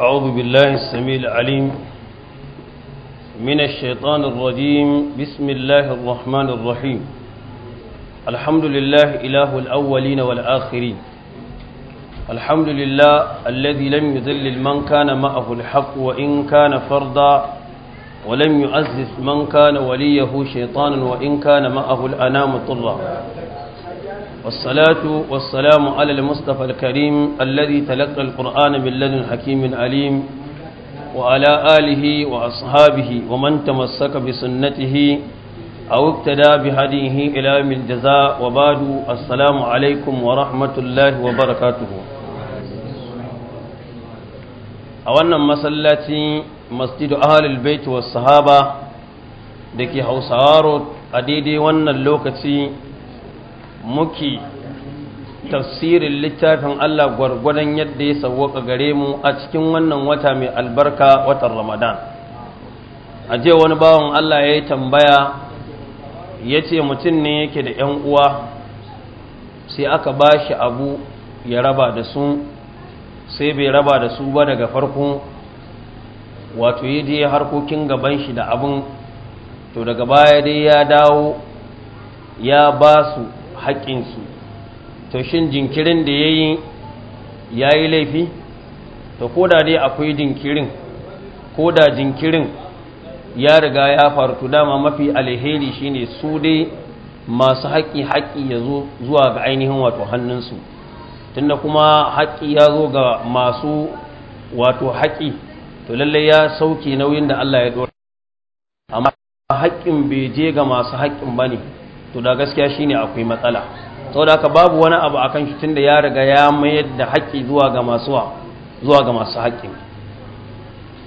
أعوذ بالله السميع العليم من الشيطان الرجيم بسم الله الرحمن الرحيم الحمد لله إله الأولين والآخرين الحمد لله الذي لم يذلل من كان معه الحق وإن كان فردا ولم يعزز من كان وليه شيطانا وإن كان معه الأنام طلا والصلاة والسلام على المصطفى الكريم الذي تلقى القرآن من لدن حكيم عليم وعلى آله وأصحابه ومن تمسك بسنته أو اقتدى بهديه إلى يوم الجزاء وبعد السلام عليكم ورحمة الله وبركاته أولا مسلتي مسجد أهل البيت والصحابة دكي حوصارت أديدي ون اللوكتي muke tafsirin littafin Allah gwargwadon yadda ya sauwaka gare mu a cikin wannan wata mai albarka watan Ramadan a je wani bawan Allah ya yi tambaya ya ce mutum ne yake da 'yan uwa sai aka ba shi abu ya raba da su sai bai raba da su ba daga farko wato yi je harkokin gaban shi da abin to daga baya dai ya dawo ya ba su haƙƙinsu to shin jinkirin da ya yi ya yi laifi to ko da dai akwai jinkirin ko da jinkirin ya riga ya faru to dama mafi alheri shine su dai masu haƙƙi haƙƙi ya zo zuwa ga ainihin wato hannunsu tunda kuma haƙƙi ya zo ga masu wato haƙƙi to lallai ya sauke nauyin da Allah ya dora amma haƙƙin bai je ga masu haƙƙin bane to da gaskiya shine akwai matsala saboda haka babu wani abu akan shi tunda ya riga ya mayar da haƙƙi zuwa ga masu zuwa haƙƙi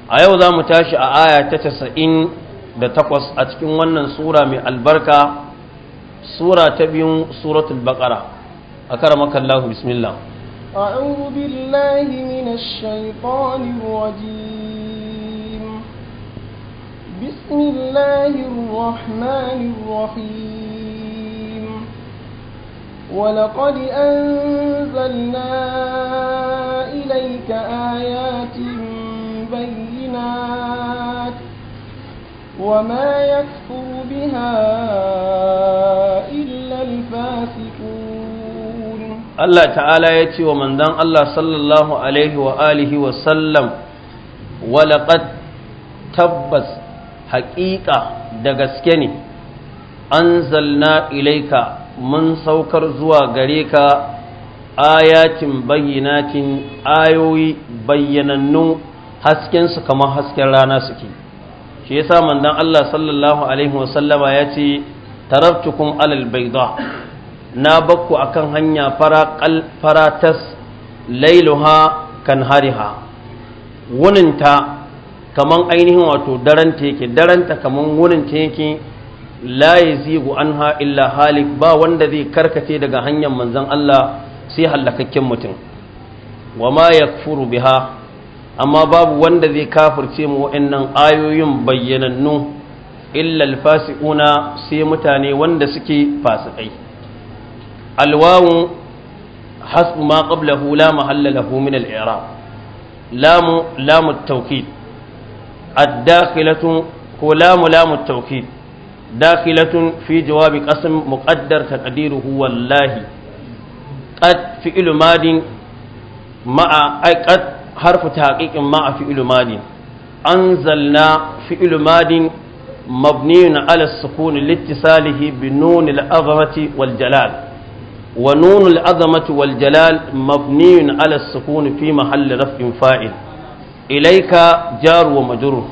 a yau za mu tashi a aya ta casa'in da takwas a cikin wannan sura mai albarka sura ta biyun suratul baƙara a karamakallahu bismillah أعوذ بالله من الشيطان الرجيم بسم الله الرحمن الرحيم ولقد أنزلنا إليك آيات بينات وما يكفر بها إلا الفاسقون الله تعالى يتي ومن دان الله صلى الله عليه وآله وسلم ولقد تبس حقيقة دغسكني أنزلنا إليك mun saukar zuwa gare ka ayatin bayyanatin ayoyi bayyanannu haskensu kamar hasken rana suke shi yasa mandan Allah sallallahu alaihi wasallama ya ce tarabtukum alal bayda na bakku akan hanya fara faratas lailuha kan hariha wuninta kaman ainihin wato daranta yake daranta kaman wuninta yake la yazigu anha illa halik ba wanda zai karkace daga hanyar manzon Allah sai hallakakken mutum wa ma yakfuru biha amma babu wanda zai kafirce mu wa'annan ayoyin bayyanannu illa alfasiquna sai mutane wanda suke fasikai alwawu hasbu ma qablahu la mahalla lahu min al-i'rab lamu lamu at-tawkid ad-dakhilatu ko lamu lamu at-tawkid داخلة في جواب قسم مقدر تقديره والله قد فعل ماد مع أي قد حرف تحقيق مع فعل ماد أنزلنا فعل ماد مبني على السكون لاتصاله بنون العظمة والجلال ونون العظمة والجلال مبني على السكون في محل رفع فاعل إليك جار ومجرور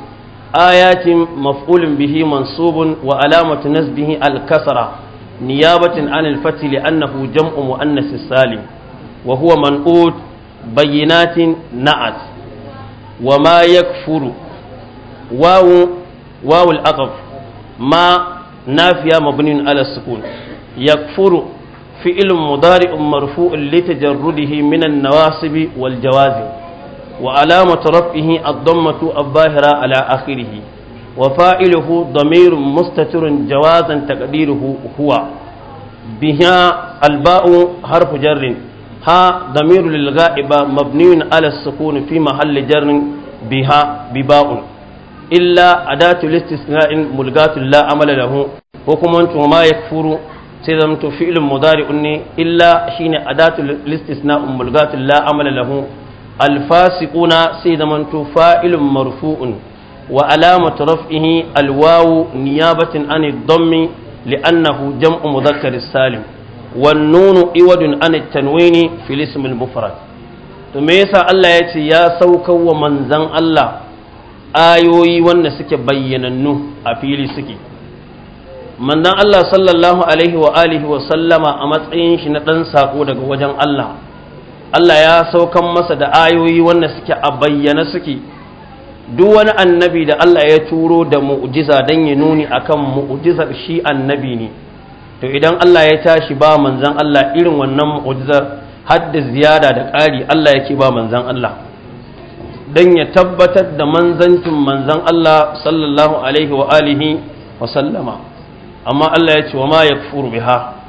ayatin maf'ulun bihi mansubun wa alamatu nasbihi al-kasra niyabatan an al-fath li'annahu jam'u muannas salim wa huwa man'ut bayyinatin na'at wa ma yakfuru wawu wawu al-aqaf ma nafiya mabniun ala sukun yakfuru fi'lun mudari'un marfu'un litajarrudihi min an-nawasibi wal jawazim وعلامة رفعه الضمة الظاهرة على آخره وفاعله ضمير مستتر جوازا تقديره هو بها الباء حرف جر ها ضمير للغائبة مبني على السكون في محل جر بها بباء إلا أداة الاستثناء ملغاة لا عمل له وكمنت وما يكفر سيدمت فعل مضارع إلا حين أداة الاستثناء ملغاة لا عمل له alfasiquna sai zamanto fa'ilun marfu'un wa alamatu raf'ihi alwawu niyabatin an dhammi li'annahu jam'u mudhakkar salim wan iwadun an tanwini fil ism al mufrad to Allah ya ce ya saukar wa manzan Allah ayoyi wanda suke bayyanannu a fili suke mandan Allah sallallahu alaihi wa alihi wa sallama a matsayin shi na ɗan saƙo daga wajen Allah Allah ya saukan masa da ayoyi wanda suke a bayyana suke duk wani annabi da Allah ya turo da mu'jiza dan ya nuni akan mu'jizar shi annabi ne to idan Allah ya tashi ba manzon Allah irin wannan mu'jizar hadda ziyada da ƙari Allah yake ba manzon Allah dan ya tabbatar da manzancin manzan Allah sallallahu alaihi wa alihi wa sallama amma Allah ya ce wa ma yakfuru biha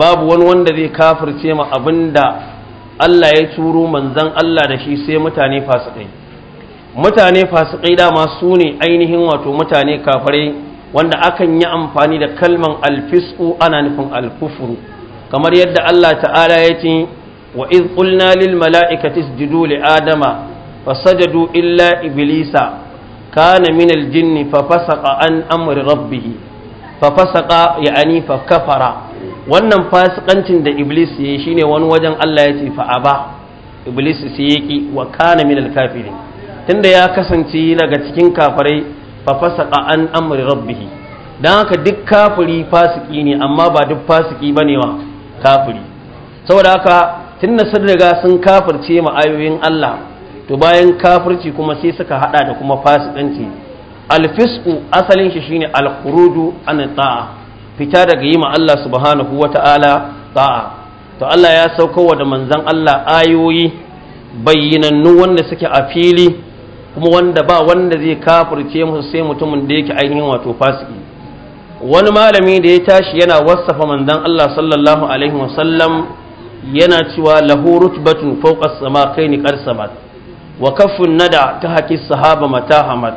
babu wani wanda zai kafirce ma abinda Allah ya turo manzan Allah da shi sai mutane fasikai mutane fasikai dama su ne ainihin wato mutane kafare wanda akan yi amfani da kalman alfisku ana nufin alkufuru kamar yadda Allah ta'ala ya ce wa iz qulna lil mala'ikati isjudu li adama fasajadu illa iblisa kana min al jinni fa fasaqa an amri rabbih fa fasaqa yani fa kafara wannan fasikancin da iblis shi ne wani wajen Allah ya ce fa'a ba. iblis sai yaki wa kana minal tun tunda ya kasance daga cikin kafirai fa fasa an amri rabbihi dan haka duk kafiri fasiki ne amma ba duk fasiki ba ne wa kafiri saboda haka da sun riga sun kafirce ma Allah to bayan kafirci kuma sai suka hada da kuma fasikanci alfisku asalin shi shine alkurudu an ta'a fita daga yi ma Allah subhanahu wa ta'ala ta'a to Allah ya wa da manzan Allah ayoyi bayyanannu wanda suke a fili kuma wanda ba wanda zai kafirce musu sai mutumin da yake ainihin wato fasiki wani malami da ya tashi yana wasafa manzan Allah sallallahu alaihi wasallam yana cewa lahu rutbatun fawqas sama kai ni qarsamat wa kaffun nada ta haki sahaba mata hamad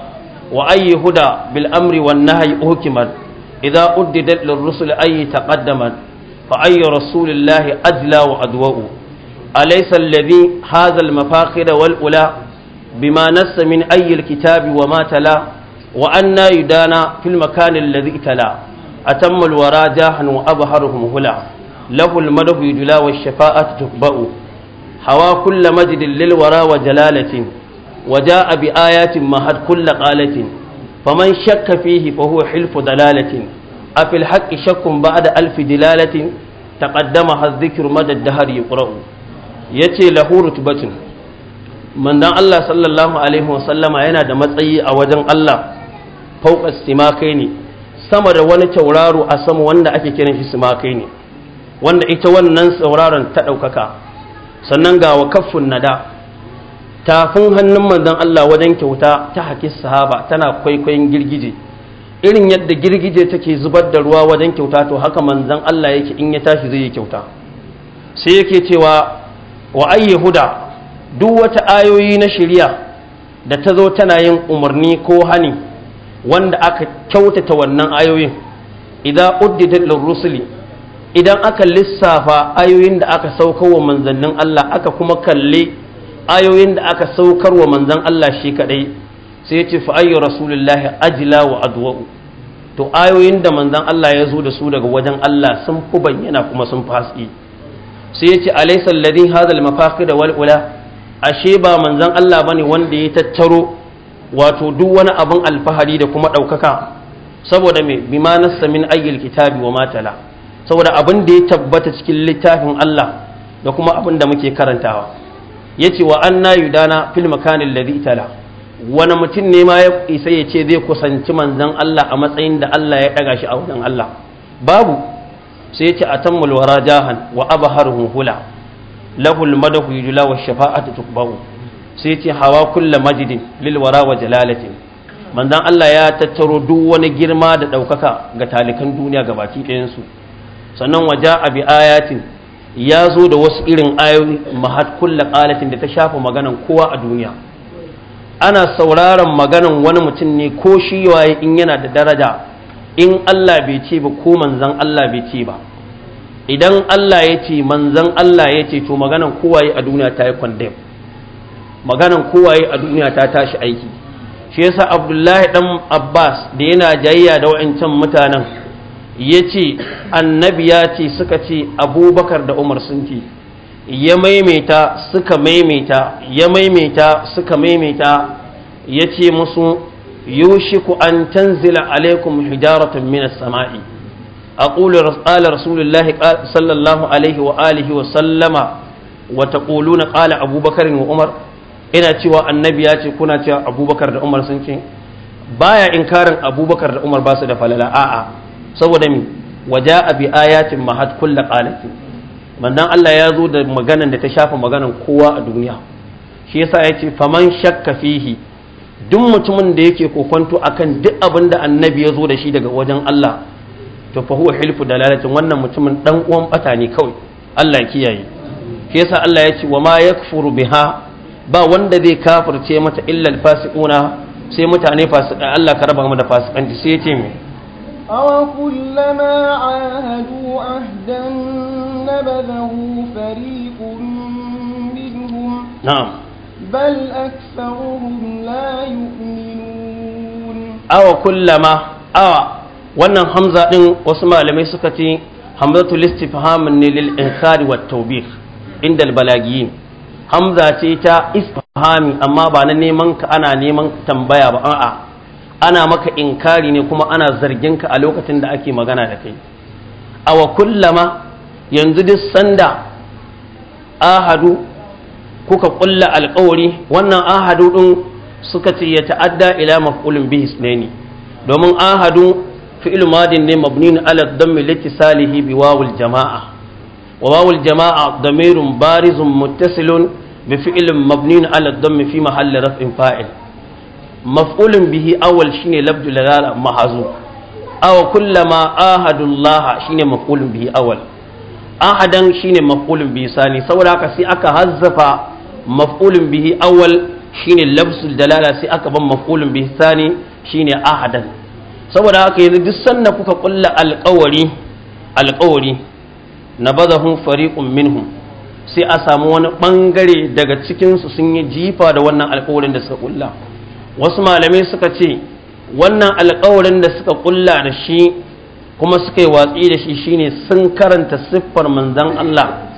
wa ayyuhuda bil amri wan nahyi uhkimat idza uddidat lirrusul ay taqaddamat fa ay rasulillahi ajla wa adwa alaysa alladhi hadha al-mafakhir wal ula bima nassa min ay kitabi wa ma tala wa anna yudana fil makan alladhi tala jahan wa abharuhum hula له المدح يجلى والشفاعة تكبأ حوى كل مجد للورى وجلالة وجاء بآيات مهد كل قالة faman shakka fihi fa huwa hilfu dalalatin a fil haqqi shakkun ba'da alfi dilalatin taqaddama hadhikru madad dahr yuqra'u yace lahu batun. mandan Allah sallallahu alaihi yana da matsayi a wajen Allah fauƙa simakai ne sama da wani tauraro a sama wanda ake kiran shi simakai ne wanda ita wannan sauraron ta ɗaukaka sannan ga wa kaffin da. tafin hannun manzan Allah wajen kyauta ta haƙi sahaba tana kwaikwayon girgije irin yadda girgije take zubar da ruwa wajen kyauta to haka manzan Allah yake in ya tashi zai yi kyauta sai yake cewa wa ayyi huda duk wata ayoyi na shari'a da ta zo tana yin umarni ko hani wanda aka kyautata wannan ayoyin idan uddidat lirrusuli idan aka lissafa ayoyin da aka sauka wa manzannin Allah aka kuma kalle ayoyin da aka saukar wa manzan Allah shi kaɗai sai ya ce fa ayyu rasulullahi ajla wa adwa to ayoyin da manzan Allah ya zo da su daga wajen Allah sun fi bayyana kuma sun fasi sai ya ce alaysa alladhi hadha mafaki da wal ashe ba manzon Allah ne wanda ya tattaro wato duk wani abin alfahari da kuma ɗaukaka saboda me ma nasa min ayyil kitabi wa matala saboda abin da ya tabbata cikin littafin Allah da kuma abin da muke karantawa Ya ce wa an anna dana fil makanin zai tala wani mutum ne ma ya isa ya ce zai kusanci manzon Allah a matsayin da Allah ya ɗaga shi a wajen Allah babu sai yace atammul wara jahan wa abahar hula lahul madahu yujla wa shafa'atu tukbahu sai ya ce hawa kullu majidin lil wara wa jalalatin manzon Allah ya tattaro duk wani girma da ɗaukaka ga talikan duniya ga baki ɗayansu sannan waja a bi ayatin ya zo da wasu irin ayoyi mahad kulla qalatin da ta shafa maganan kowa a duniya ana sauraron maganan wani mutum ne ko shi waye in yana da daraja in Allah bai ce ba ko manzon Allah bai ce ba idan Allah ya ce manzon Allah ya ce to maganan yi a duniya ta yi kwandem maganan yi a duniya ta tashi aiki shi yasa Abdullahi dan Abbas da yana jayya da wa'ancan mutanen ya ce annabiya ce suka ce abubakar da umar sun ce ya maimaita suka maimaita ya maimaita suka maimaita ya ce musu yushiku an tanzila alaikum hijaratun minas sama'i a أقول قال رسول الله صلى الله عليه وآله ƙulu na قال أبو wa Umar ina cewa annabi ya ce kuna cewa abubakar da umar sun ce baya inkarin abubakar da umar ba su da falala a'a saboda mi waja abi ayatin mahad kulla qalatin mannan Allah ya zo da maganan da ta shafa maganan kowa a duniya shi yasa ya ce faman shakka fihi duk mutumin da yake kokonto akan duk abin da annabi ya zo da shi daga wajen Allah to fa huwa hilfu dalalatin wannan mutumin dan uwan bata ne kawai Allah ya kiyaye shi yasa Allah ya ce wa ma yakfuru biha ba wanda zai kafirce mata illa alfasiquna sai mutane fasika Allah ka raba mu da fasikanci sai ya ce mai أَوَكُلَّمَا عَاهَدُوا عَهْدًا نَّبَذَهُ فَرِيقٌ مِّنْهُم ۚ بَلْ أَكْثَرُهُمْ لَا يُؤْمِنُونَ أَوَكُلَّمَا أَوَ wannan hamza ɗin wasu malamai suka ce hamzatul istifhamin ne lil inkari wat tawbih inda albalagiyin hamza ce ta istifhami amma ba na neman ka ana neman tambaya ba a'a ana maka inkari ne kuma ana zarginka a lokacin da ake magana da kai a wa kullama yanzu duk sanda ahadu kuka kulla alkawari wannan ahadu din suka ce ya ta'adda ila maf'ulun bihi ne domin ahadu fi'il madin ne mabnin ala dammi salihi bi wawul jama'a wa wawul jama'a damirun barizun muttasilun bi fi'ilin mabnin ala dammi fi mahalli raf'in fa'il Mafulin bihi awal shine labdu lalala mahazu aw kullama ahadullaha shine mafulin bihi awal ahadan shine mafulin bihi sani saboda haka sai aka hazzafa mafulin bihi awal shine labsul dalala sai aka ban mafulin bihi sani shine ahadan saboda haka yanzu duk sanna kuka kulla alƙawari alƙawari nabadahum fariqun minhum sai a samu wani ɓangare daga cikinsu sun yi jifa da wannan alƙawarin da suka kulla wasu malamai suka ce wannan alkawarin da suka kulla da shi kuma suka yi watsi da shi shine sun karanta siffar manzan Allah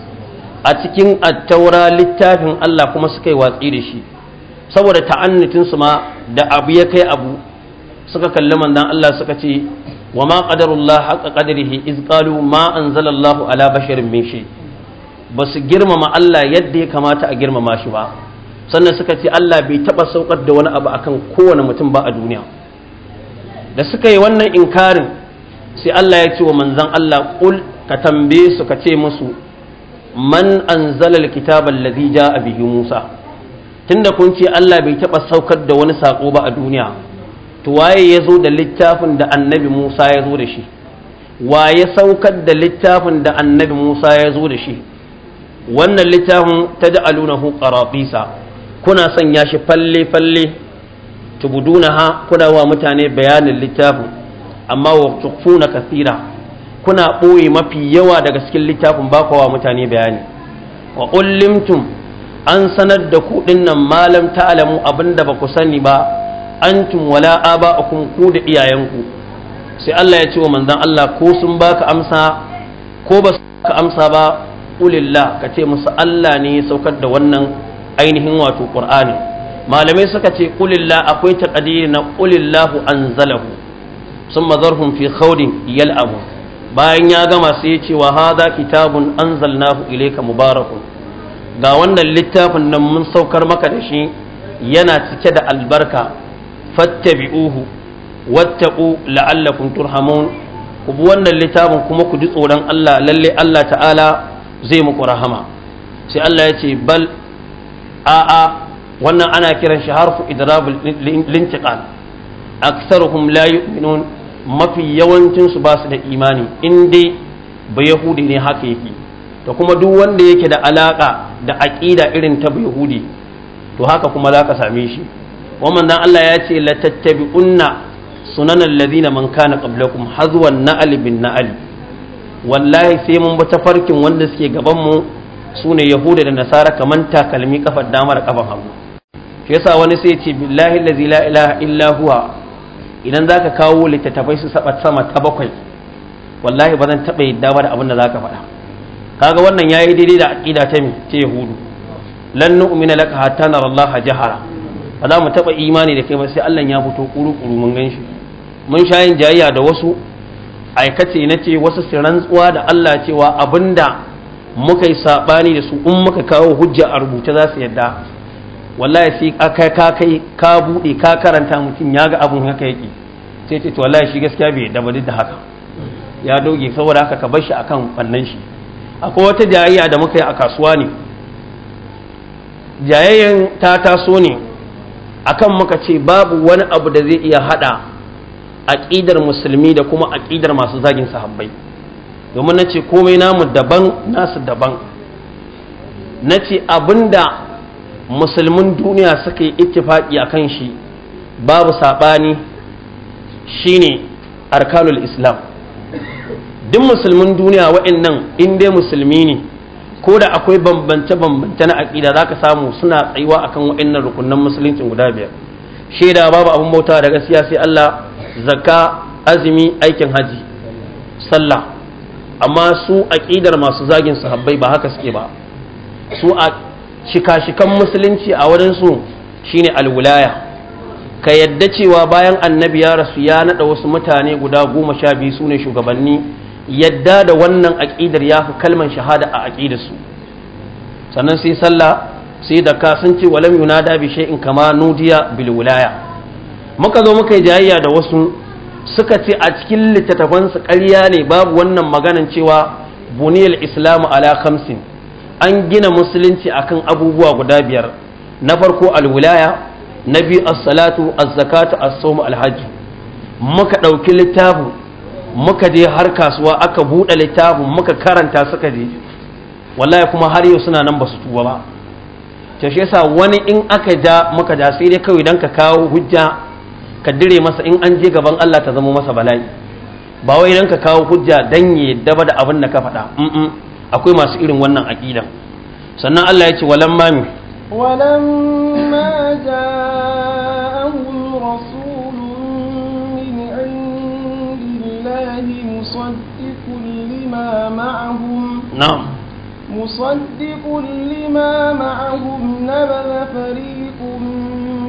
a cikin attaura littafin Allah kuma suka yi watsi da shi saboda ta'annitinsu ma da abu ya kai abu suka kalli manzan Allah suka ce wa ma qadarullah haqa qadrihi iz qalu ma anzalallahu ala basharin min shi basu girmama Allah yadda ya kamata a girmama shi ba sannan suka ce Allah bai taɓa saukar da wani abu akan kowane mutum ba a duniya da suka yi wannan inkarin sai Allah ya ce wa manzan Allah kul ka tambaye su ka ce musu man anzalal kitaba allazi ja'a bihi Musa tunda kun ce Allah bai taɓa saukar da wani sako ba a duniya to waye ya zo da littafin da annabi Musa ya zo da shi waye saukar da littafin da annabi Musa ya zo da shi wannan littafin ta ja'alunahu qaratisa kuna sanya shi falle falle ha kuna wa mutane bayanin littafin amma wa tukfuna kathira kuna ɓoye mafi yawa daga cikin littafin ba wa mutane bayani wa ƙullimtum an sanar da kuɗin nan malam ta'lamu abinda ba ku sani ba an tun wala a aba'akum ku da iyayenku sai Allah ya ce wa manzan Allah ko sun baka amsa ko ba su ka amsa ba ulillah ka ce musu Allah ne ya saukar da wannan ainihin wato qur'ani malamai suka ce kulillah akwai taqdiri na qulillahu anzalahu summa zarhum fi khawdin yal'abu bayan ya gama sai ya ce wa hadha kitabun anzalnahu ilayka mubarakun ga wannan littafin nan mun saukar maka da shi yana cike da albarka fattabi'uhu wattaqu la'allakum turhamun ku bi wannan littafin kuma ku ji tsoron Allah lalle Allah ta'ala zai muku rahama sai Allah ya ce bal a'a wannan ana kiran shi harfu idrabul lintiqal aktsaruhum la yu'minun mafi yawancin su ba su da imani in dai ba yahudi ne haka yake to kuma duk wanda yake da alaka da aqida irin ta yahudi to haka kuma za ka same shi wannan dan Allah ya ce la tattabi'unna sunan alladhina man kana qablakum hazwan na'al bin na'al wallahi sai mun ta farkin wanda suke gaban mu su ne yahuda da nasara kaman takalmi kafar dama da kafar hagu shi yasa wani sai ce billahi allazi la ilaha illa huwa idan zaka kawo littattafai su saba sama ta bakwai wallahi ba zan taba yadda ba da abin da zaka faɗa kaga wannan yayi daidai da aqida ta mi ce yahudu lan nu'mina laka hatta nara Allah jahara ba za mu taba imani da kai ba sai Allah ya fito kuru kuru mun ganshi mun sha yin da wasu aikace na ce wasu su rantsuwa da Allah cewa abinda muka yi saɓani da su in muka kawo hujja a rubuta za su yadda wallahi sai aka ka kai ka buɗe ka karanta mutum ya ga abun haka yake sai ce to wallahi shi gaskiya bai yadda ba da haka ya doge saboda haka ka bar shi akan wannan shi akwai wata jayayya da muka yi a kasuwa ne jayayyan ta taso ne akan muka ce babu wani abu da zai iya hada aƙidar musulmi da kuma aƙidar masu zagin sahabbai domin na ce komai namu daban nasu daban na ce abinda musulmin duniya suka yi ittifaƙi a kan shi babu saɓani shi ne arkanul islam duk musulmin duniya wa'annan in dai musulmi ne ko da akwai bambance-bambance na aƙida za ka samu suna tsayuwa akan wa'annan rukunan musulunci guda biyar shaida babu abin bauta da gaskiya sai Allah zakka azumi aikin haji sallah amma su aƙidar masu zagin sahabbai ba haka suke ba su a shika-shikan musulunci a wadansu shine alwulaya ka yadda cewa bayan annabi ya rasu ya naɗa wasu mutane guda goma sha biyu su ne shugabanni yadda da wannan aƙidar ya fi kalman shahada a aƙidarsu sannan sai sallah sai da ka sun ce walam yunada bi in kama nudiya bil muka zo muka yi jayayya da wasu suka ce a cikin littattafansu ƙarya ne babu wannan maganan cewa buniyar islamu ala khamsin an gina musulunci akan abubuwa guda biyar na farko alwilaya na biyu as-salatu az-zakatu as-sawm al muka ɗauki littafu muka je har kasuwa aka buɗe littafin muka karanta suka je wallahi kuma har yau suna nan ba su tuba ba to shi yasa wani in aka ja muka ja sai dai kawai dan ka kawo hujja ka dire masa in an je gaban Allah ta zama masa bala'i ba wai idan ka kawo hujja dan ya yadda da abin da ka faɗa akwai masu irin wannan aƙida sannan Allah ya ce walan mami walan ma rasulun min indillahi musaddiqun lima ma'ahum na'am مصدق لما معهم نبذ فريق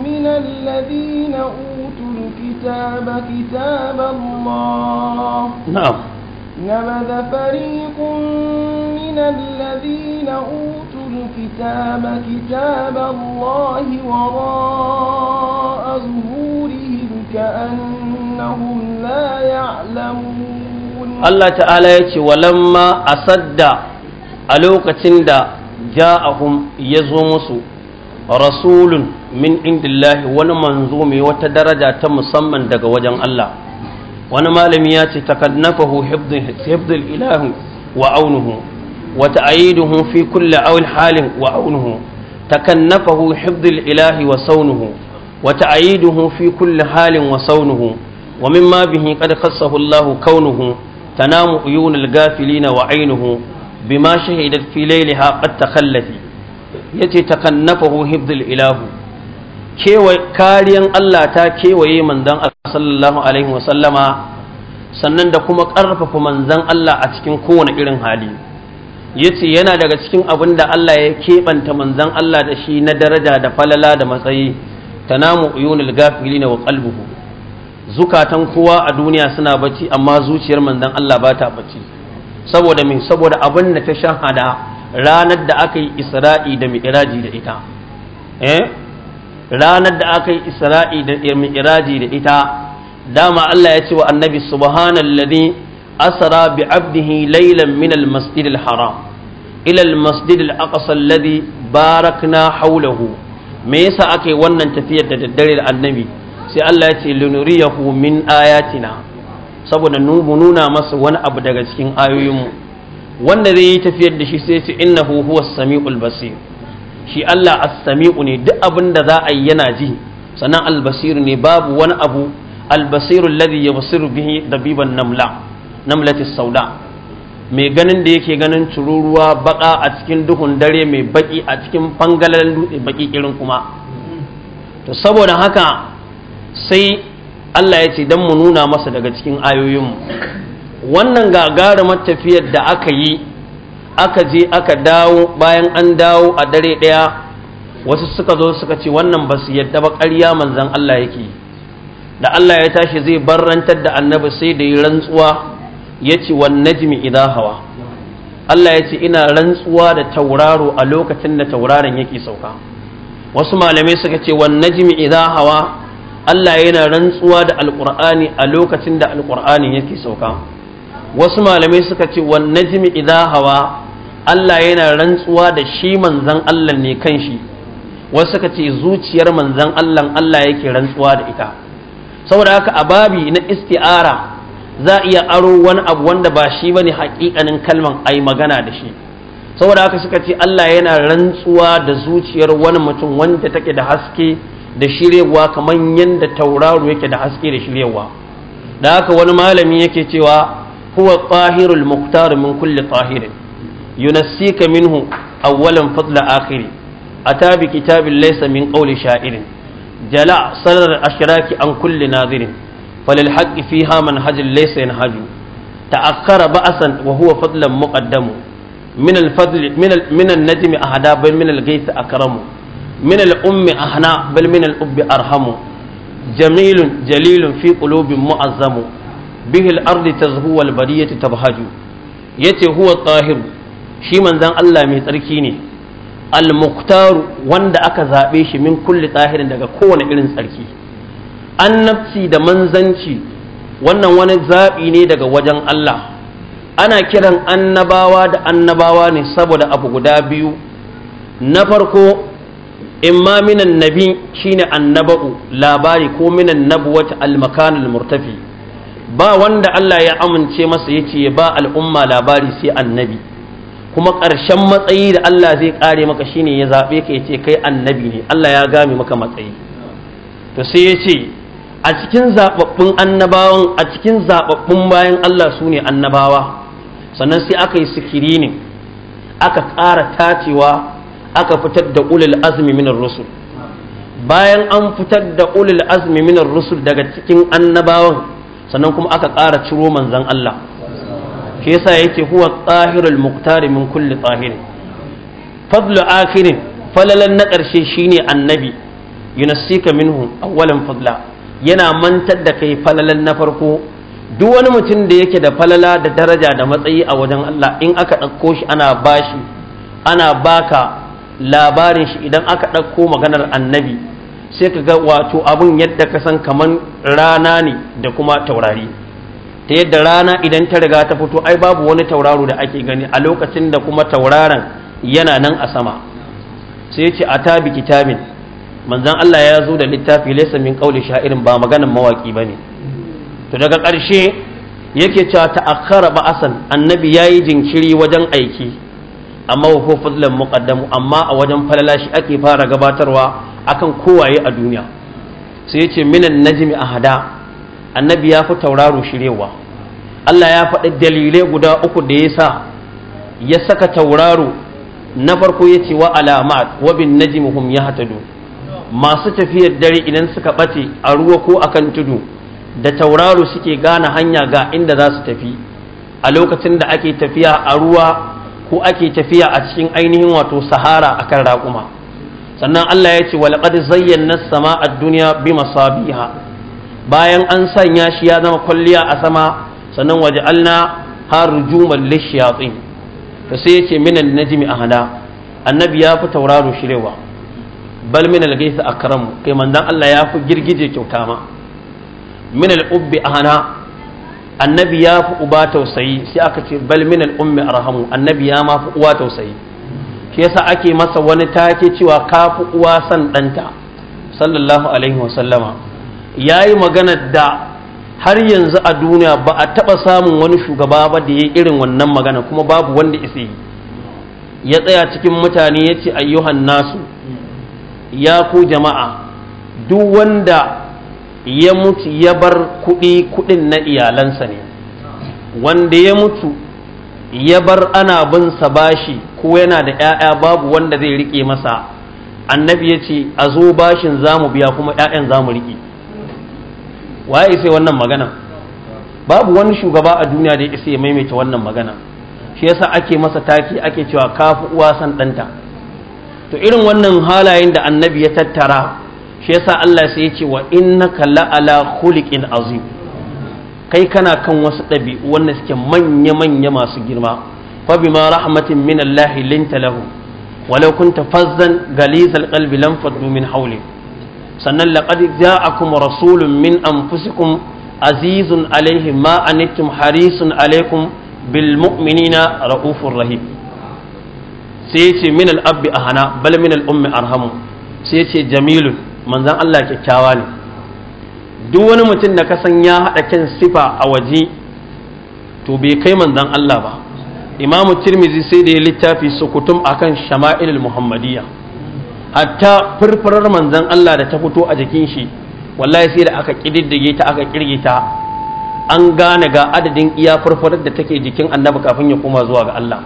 من الذين الكتاب كتاب الله نعم نبذ فريق من الذين أوتوا الكتاب كتاب الله وراء ظهورهم كأنهم لا يعلمون الله تعالى يتي ولما أسد تند جاءهم يزومس رسول min indillahi wani manzo mai wata daraja ta musamman daga wajen Allah wani malami ya ce takannafahu hibdul ilahu wa aunuhu wa ta'ayiduhu fi kulli awil halin wa aunuhu takannafahu hibdul ilahi wa saunuhu wa ta'ayiduhu fi kulli halin wa saunuhu wa mimma bihi qad khassahu Allah kaunuhu tanamu uyunul gafilina wa ainuhu bima shahidat fi layliha qad takhallati yace takannafahu hibdul ilahu kariyan Allah ta kewaye manzon Allah sallallahu alaihi sallama sannan da kuma ƙarfafa Manzan Allah a cikin kowane irin hali yace yana daga cikin abin da Allah ya keɓanta manzon Allah da shi na daraja da falala da matsayi tanamu uyunul gafilina wa qalbuhu zukatan kowa a duniya suna bacci amma zuciyar manzon Allah ba ta bacci saboda me saboda abin da ta shahada ranar da aka yi Isra'i da Mi'raji da ita eh ranar da aka yi isra'i da iraji da ita dama Allah ya ce wa annabi subhanalladhi asra bi abdihi laylan min al-masjid al-haram ila al-masjid al-aqsa alladhi barakna hawlahu me yasa aka yi wannan tafiyar da daddare da annabi sai Allah ya ce linuriyahu min ayatina saboda mu nuna masa wani abu daga cikin ayoyinmu wanda zai yi tafiyar da shi sai ya ce innahu huwa samiul basir shi Allah as-sami'u ne duk abin da za a yi yana ji sannan al-basiru ne babu wani abu al-basiru alladhi yabsiru bihi dabiban namla namlati sauda mai ganin da yake ganin cururuwa baka a cikin duhun dare mai baki a cikin fangalalen dutse baki irin kuma to saboda haka sai Allah ya ce dan mu nuna masa daga cikin ayoyin mu wannan gagarumar tafiyar da aka yi aka je aka dawo bayan an dawo a dare ɗaya wasu suka zo suka ce wannan ba su yadda ba ƙarya manzan Allah yake da Allah ya tashi zai barrantar da annabi sai da yi rantsuwa ya ce wan najmi idan hawa Allah ya ce ina rantsuwa da tauraro a lokacin da tauraron yake sauka wasu malamai suka ce wan najmi idan hawa Allah yana rantsuwa da alƙur'ani a lokacin da alƙur'ani yake sauka wasu malamai suka ce wan najmi idan hawa Allah yana rantsuwa da shi manzan Allah ne kan shi, wasu suka ce zuciyar manzan Allah Allah yake rantsuwa da ita saboda haka a babi na isti'ara za a iya aro wani abu wanda ba shi bane hakikanin kalman ai magana da shi saboda haka suka ce Allah yana rantsuwa da zuciyar wani mutum wanda take da haske da shirewa kamar yadda tauraro yake da haske da shirewa da haka wani malami yake cewa huwa tahirul muktar min kulli tahirin yunassika minhu awwalan fadla akhiri a tabi kitabin laysa min qawli sha'irin jala sarar ashraki an kulle nadirin falil haqqi fiha manhajin laysa yanhaju ta'akkara ba'san wa huwa fadlan muqaddamu min al-fadl min min an-najmi ahada bal min al-ghayth akramu min al-ummi ahna bal min al-ubbi arhamu jamilun jalilun fi qulubin mu'azzamu bihi al-ardi tazhu wal bariyatu tabhaju yace huwa tahiru shi manzan Allah mai tsarki ne al-muqtaru wanda aka zaɓe shi min kulli tsahirin daga kowane irin tsarki annabci da manzanci wannan wani zaɓi ne daga wajen Allah ana kiran annabawa da annabawa ne saboda abu guda biyu na farko imma minan nabi shine annaba'u labari ko minan nabuwati al-makanul murtafi ba wanda Allah ya amince masa yace ya ba al'umma labari sai annabi kuma ƙarshen matsayi da Allah zai ƙare maka shine ya zaɓe ka ya ce kai annabi ne Allah ya game maka matsayi to sai ya ce a cikin zaɓaɓɓun annabawan a cikin zaɓaɓɓun bayan Allah su ne annabawa sannan sai aka yi sikiri ne aka ƙara tacewa aka fitar da ulul azmi minar rusul bayan an fitar da ulul azmi minar rusul daga cikin annabawan sannan kuma aka ƙara ciro manzon Allah shi yasa yake huwa tsahirul muqtari min kulli tsahir fadlu akhirin falalan na ƙarshe shine annabi yunasika minhu awwalan fadla yana mantar da kai falalan na farko duk wani mutum da yake da falala da daraja da matsayi a wajen Allah in aka dauko shi ana bashi ana baka labarin shi idan aka dauko maganar annabi sai ka ga wato abun yadda ka san kaman rana ne da kuma taurari ta yadda rana idan ta riga ta fito ai babu wani tauraro da ake gani a lokacin da kuma tauraron yana nan a sama sai ya ce a tabi kitabin manzan Allah ya zo da littafi laisa min kauli sha'irin ba maganan mawaki bane to daga ƙarshe yake cewa ba asan annabi yayi jinkiri wajen aiki amma wa fadlan muqaddamu amma a wajen falala shi ake fara gabatarwa akan kowaye a duniya sai ya ce minan najmi ahada annabi ya fi tauraro shirewa Allah ya faɗi dalilai guda uku da ya sa ya saka tauraro na farko ya ce wa alamat wa bin muhum ya hatadu masu tafiyar dare idan suka ɓace a ruwa ko a kan tudu da tauraro suke gane hanya ga inda za su tafi a lokacin da ake tafiya a ruwa ko ake tafiya a cikin ainihin wato sahara a kan raƙuma sannan Allah ya ce wa laƙadu zayyana as-sama'a ad-dunya bi masabiha bayan an sanya shi ya zama kwalliya a sama sannan waje alna har juman lishiyatin ta sai ya ce minan najimi a hana annabi ya fi tauraro shirewa bal minal gaisa a karamu kai manzan Allah ya fi girgije kyauta ma minal ubbi a hana annabi ya fi uba tausayi sai aka ce bal minal ummi arhamu annabi ya ma fi uwa tausayi shi yasa ake masa wani take cewa ka fi uwa san ɗanta sallallahu alaihi wa sallama. ya yi magana da har yanzu a duniya ba a taɓa samun wani shugaba ba da ya yi irin wannan magana kuma babu wanda isa yi ya tsaya cikin mutane ya ce ayyuhan nasu ya ku jama'a duk wanda ya mutu ya bar kuɗi kuɗin na iyalansa ne wanda ya mutu ya bar ana bin sa bashi ko yana da 'ya'ya babu wanda zai riƙe masa annabi ya ce a zo bashin za mu biya kuma 'ya'yan za mu riƙe Wa ya isa wannan magana babu wani shugaba a duniya da ya isa ya maimaita wannan magana shi yasa ake masa taki ake cewa kafi uwa san ɗanta to irin wannan halayen da annabi ya tattara shi yasa Allah sai ya ce wa innaka la'ala khuliqin azim kai kana kan wasu ɗabi'u wanda suke manya-manya masu girma fa bima rahmatin min Allah linta lahu walau kunta fazzan galizal qalbi lam faddu min hawlik sannan laqad ja'akum rasulun min anfusikum azizun alaihi ma anittum harisun alaikum bil mu'minina raufur rahim sai yace min al abbi ahana bal min al ummi arhamu sai yace jamilun manzon Allah kyakkyawa ne duk wani mutum da kasan ya haɗa kan sifa a waje to bai kai manzon Allah ba imamu tirmizi sai da ya littafi sukutum akan shama'ilul muhammadiyya hatta furfurar manzon Allah da ta fito a jikin shi wallahi sai da aka kididdige ta aka kirge ta an gane ga adadin iya furfurar da take jikin annabi kafin ya koma zuwa ga Allah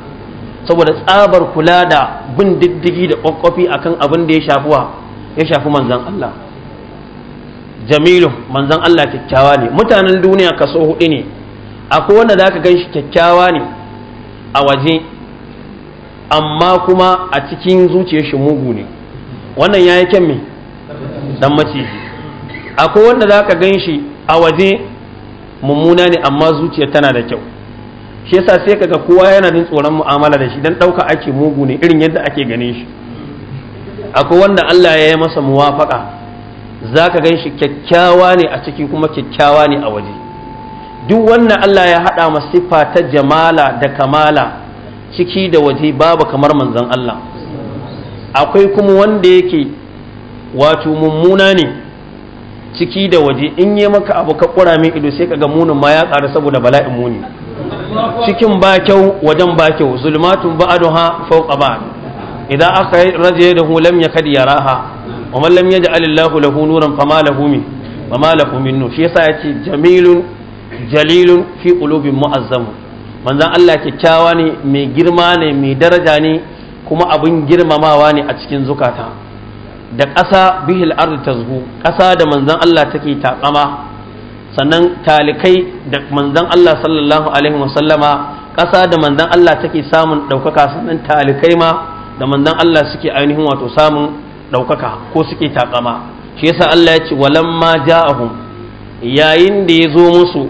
saboda tsabar kula da bin diddigi da kwakwafi akan abin da ya shafuwa ya shafi manzon Allah jamilu manzon Allah kyakkyawa ne mutanen duniya kaso hudu ne akwai wanda zaka gan shi kyakkyawa ne a waje amma kuma a cikin zuciyar shi mugu ne wannan yi kyan mai dan maciji akwai wanda zaka gan shi a waje mummuna ne amma zuciya tana da kyau shi yasa sai ga kowa yana jin tsoron mu'amala da shi dan ɗauka ake mugu ne irin yadda ake ganin shi akwai wanda Allah ya yi masa muwafaka zaka gan shi kyakkyawa ne a ciki kuma kyakkyawa ne a waje duk wannan Allah ya haɗa ma siffa ta jamala da kamala ciki da waje babu kamar manzon Allah akwai kuma wanda yake wato mummuna ne ciki da waje in yi maka abu ka ƙura min ido sai ka ga munin ma ya ƙara saboda bala'in muni cikin ba kyau wajen ba kyau zulmatun ha, fauƙa ba. idan aka raje da hu lam ya raha wa man lam yaj'al lahu nuran fama lahu min fama lahu min nu shi yasa ce jamilun jalilun fi qulubin mu'azzam manzon Allah kyakkyawa ne mai girma ne mai daraja ne kuma abin girmamawa ne a cikin zukata da ƙasa bihil ardi tazhu ƙasa da manzon Allah take taƙama sannan talikai da manzon Allah sallallahu alaihi wasallama ƙasa da manzon Allah take samun ɗaukaka sannan talikai ma da manzon Allah suke ainihin wato samun ɗaukaka ko suke taƙama shi yasa Allah ya ce walamma ja'ahum yayin da ya zo musu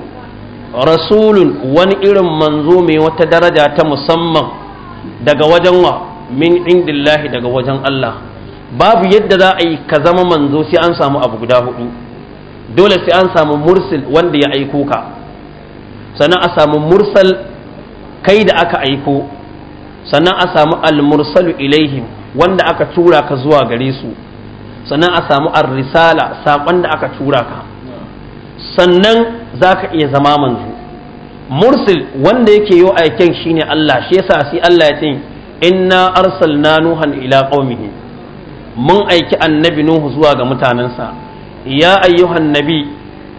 rasulun wani irin manzo mai wata daraja ta musamman daga wajen wa min indillahi daga wajen Allah babu yadda za a yi ka zama manzo sai an samu abu guda hudu dole sai an samu mursil wanda ya aiko ka sannan a samu mursal kai da aka aiko sannan a samu almursalu ilaihim wanda aka tura ka zuwa gare su sannan a samu ar-risala saƙon da aka tura ka sannan za ka iya zama manzo mursil wanda yake yi aiken shine Allah shi yasa sai Allah ya ce inna arsalna nuhan ila qaumihi mun aiki annabi nuhu zuwa ga mutanensa ya ayyuhan nabi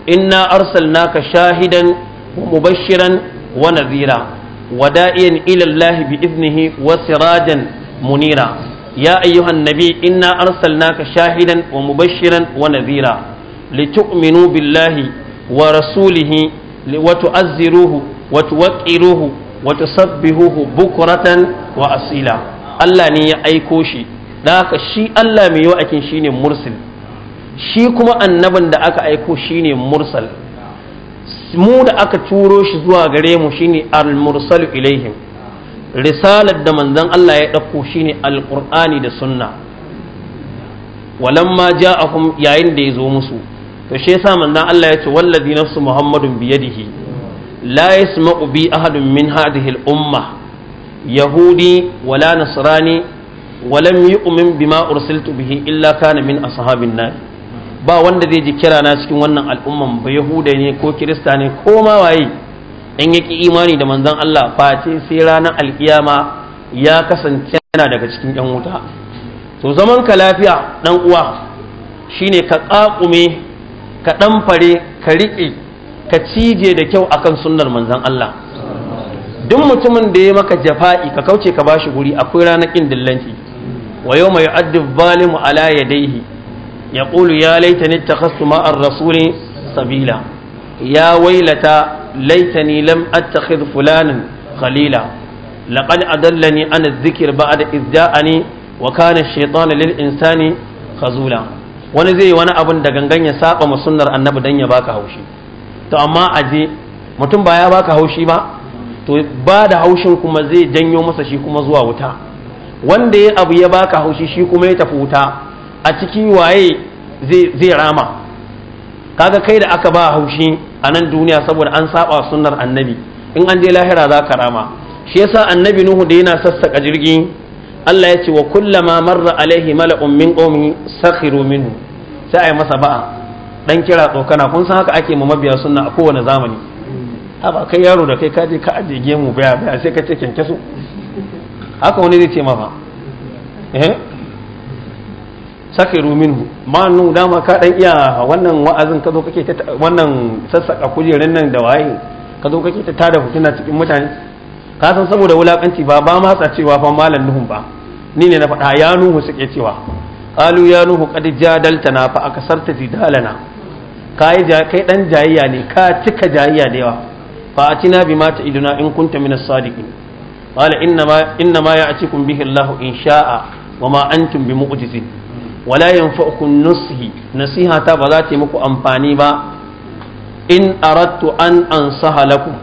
inna arsalnaka shahidan wa mubashiran wa nadhira wa da'iyan ila Allah bi idnihi wa sirajan munira ya ayyuhan nabi inna arsalnaka shahidan wa mubashiran wa nadhira litu'minu billahi wa rasulihi wa tu'azziruhu wa tuwaqqiruhu wa tusabbihuhu bukratan wa asila Allah ne ya aiko shi da haka shi Allah mai yau shi ne mursil shi kuma annabin da aka aiko shi ne mursal mu da aka turo shi zuwa gare mu shi ne al-mursalu ilaihim risalar da manzan Allah ya shi shine al-qur'ani da sunna walamma ja'akum yayin da ya zo musu to shi yasa manzan Allah ya ce wallazi nafsu muhammadun biyadihi la yasma'u bi ahadun min hadhihi al umma. yahudi wala nasrani walam yu'min bima ursiltu bihi illa kana min ashabin nar ba wanda zai ji kira na cikin wannan al'umman ba yahuda ne ko kirista ne ko ma waye in yaki imani da manzon Allah face sai ranar alkiyama ya kasance yana daga cikin yan wuta to zaman ka lafiya dan uwa shine ka kakume ka ɗanfare ka riƙe ka cije da kyau akan sunnar manzon Allah duk mutumin da ya maka jafa'i ka kauce ka bashi guri akwai ranar ƙin dillanci wa yau mai yu'addu zalimu ala yadayhi yaqulu ya laitani takhastu ma ar-rasuli sabila ya wailata laitani lam attakhid fulanan khalila laqad adallani an adh-dhikr ba'da idh wa kana ash lil insani khazula wani zai yi wani abin da gangan ya saba musunnar annabi dan ya baka haushi to amma aje mutum ba ya baka haushi ba to ba da haushin kuma zai janyo masa shi kuma zuwa wuta wanda ya abu ya baka haushi shi kuma ya tafi wuta a cikin waye zai rama kaga kai da aka ba haushi a nan duniya saboda an saba sunnar annabi in an je lahira za ka rama shi yasa annabi nuhu da yana sassaka jirgi Allah ya ce wa kullama marra alaihi mala'un min qaumi sakhiru minhu sai ai masa ba'a dan kira tsokana kun san haka ake ma mabiya sunna a kowane zamani haka kai yaro da kai ka je ka aje gemu baya baya sai ka ce kyankyaso haka wani zai ce ma fa eh sakiru minhu ma nu dama ka dan iya wannan wa'azin ka zo kake ta wannan sassaka kujerin nan da waye ka zo kake ta tada fitina cikin mutane ka san saboda wulakanci ba ba ma cewa fa malan nuhun ba ni ne na faɗa ya nuhu suke cewa qalu ya nuhu qad jadaltana fa akasarta jidalana kai kai dan jayayya ne ka cika jayayya da yawa فأتنا بما تعدنا إن كنت من الصادقين قال إنما, إنما يأتيكم به الله إن شاء وما أنتم بمؤجزين ولا ينفعكم نصحي نصيحة بذات مكو أمفاني با إن أردت أن أنصح لكم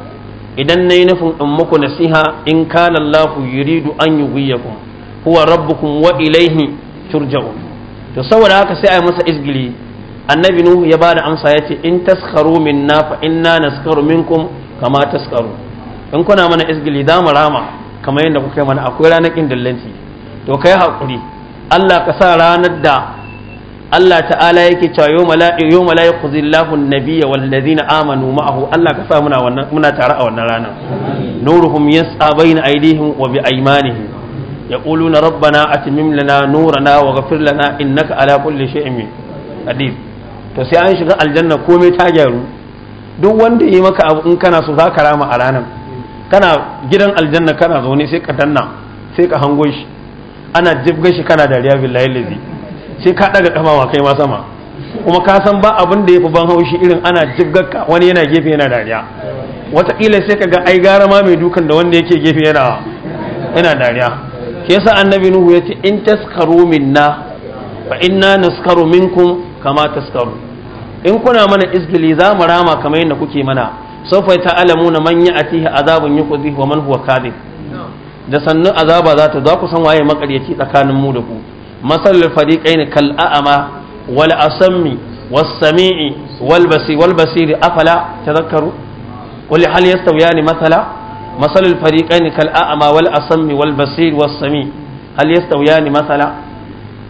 إذن نينف أمكو نصيحة إن كان الله يريد أن يغيكم هو ربكم وإليه ترجعون تصور هكا سيئة مسا إزجلي النبي نوح يبان أمسا يتي إن تسخروا منا فإنا نسخر منكم kama taskaru in kuna mana isgili za mu rama kamar yadda kuka mana akwai ranar kindillanci to kai haƙuri Allah ka sa ranar da Allah ta'ala yake cewa yau mala'i yau mala'i khuzillahu an amanu ma'ahu Allah ka sa muna wannan muna tare a wannan rana nuruhum yas'a bayna aydihim wa bi aymanihim يقولون ربنا أتمم nurana نورنا وغفر لنا إنك على كل شيء قدير to sai an shiga aljanna komai ta gyaru duk wanda yi maka abu in kana so za ka rama a ranar kana gidan aljanna kana zaune sai ka danna sai ka hango shi ana jibga shi kana dariya billahi lazi sai ka daga kama ma kai ma sama kuma ka san ba abin da yafi ban haushi irin ana ka wani yana gefe yana dariya wataƙila sai ka ga ai gara ma mai dukan da wanda yake gefe yana dariya ke yasa annabi nuhu ya ce in taskaru minna fa inna naskaru minkum kama taskaru in kuna mana izgili za mu rama kamar yadda kuke mana sawfa ta'lamuna man ya'tihi azabun yuqdhi wa man huwa kadhib da sannu azaba za ta za ku san waye makaryaci tsakanin mu da ku masalul fariqaini kal a'ama wal asammi was sami'i wal basi wal basiri afala tadhakkaru qul hal yastawiyani mathala masalul fariqaini kal a'ama wal asammi wal basiri was sami' hal yastawiyani mathala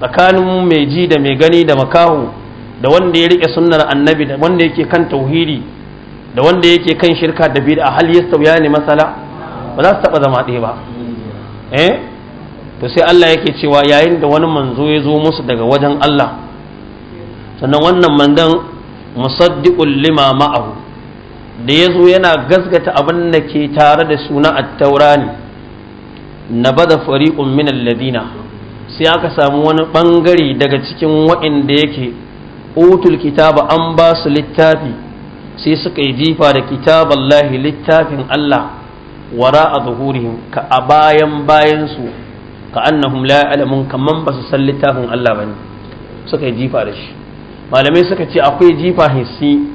tsakanin mai ji da mai gani da makahu da wanda ya rike sunnar annabi da wanda yake kan tauhidi da wanda yake kan shirka da bid'a hal yastawiya ne masala ba za su taba zama ɗaya ba eh to sai Allah yake cewa yayin da wani manzo ya zo musu daga wajen Allah sannan wannan mandan musaddiqul lima ma'ahu da ya zo yana gasgata abin da ke tare da suna at taurani na bada fari'un min alladina sai aka samu wani bangare daga cikin waɗanda yake utul kitaba an ba su littafi sai suka yi jifa da Allah littafin Allah wara a zuhurihim ka a bayan bayansu ka annahum la ya'lamun kaman ba su san littafin Allah bane suka yi jifa da shi malamai suka ce akwai jifa hissi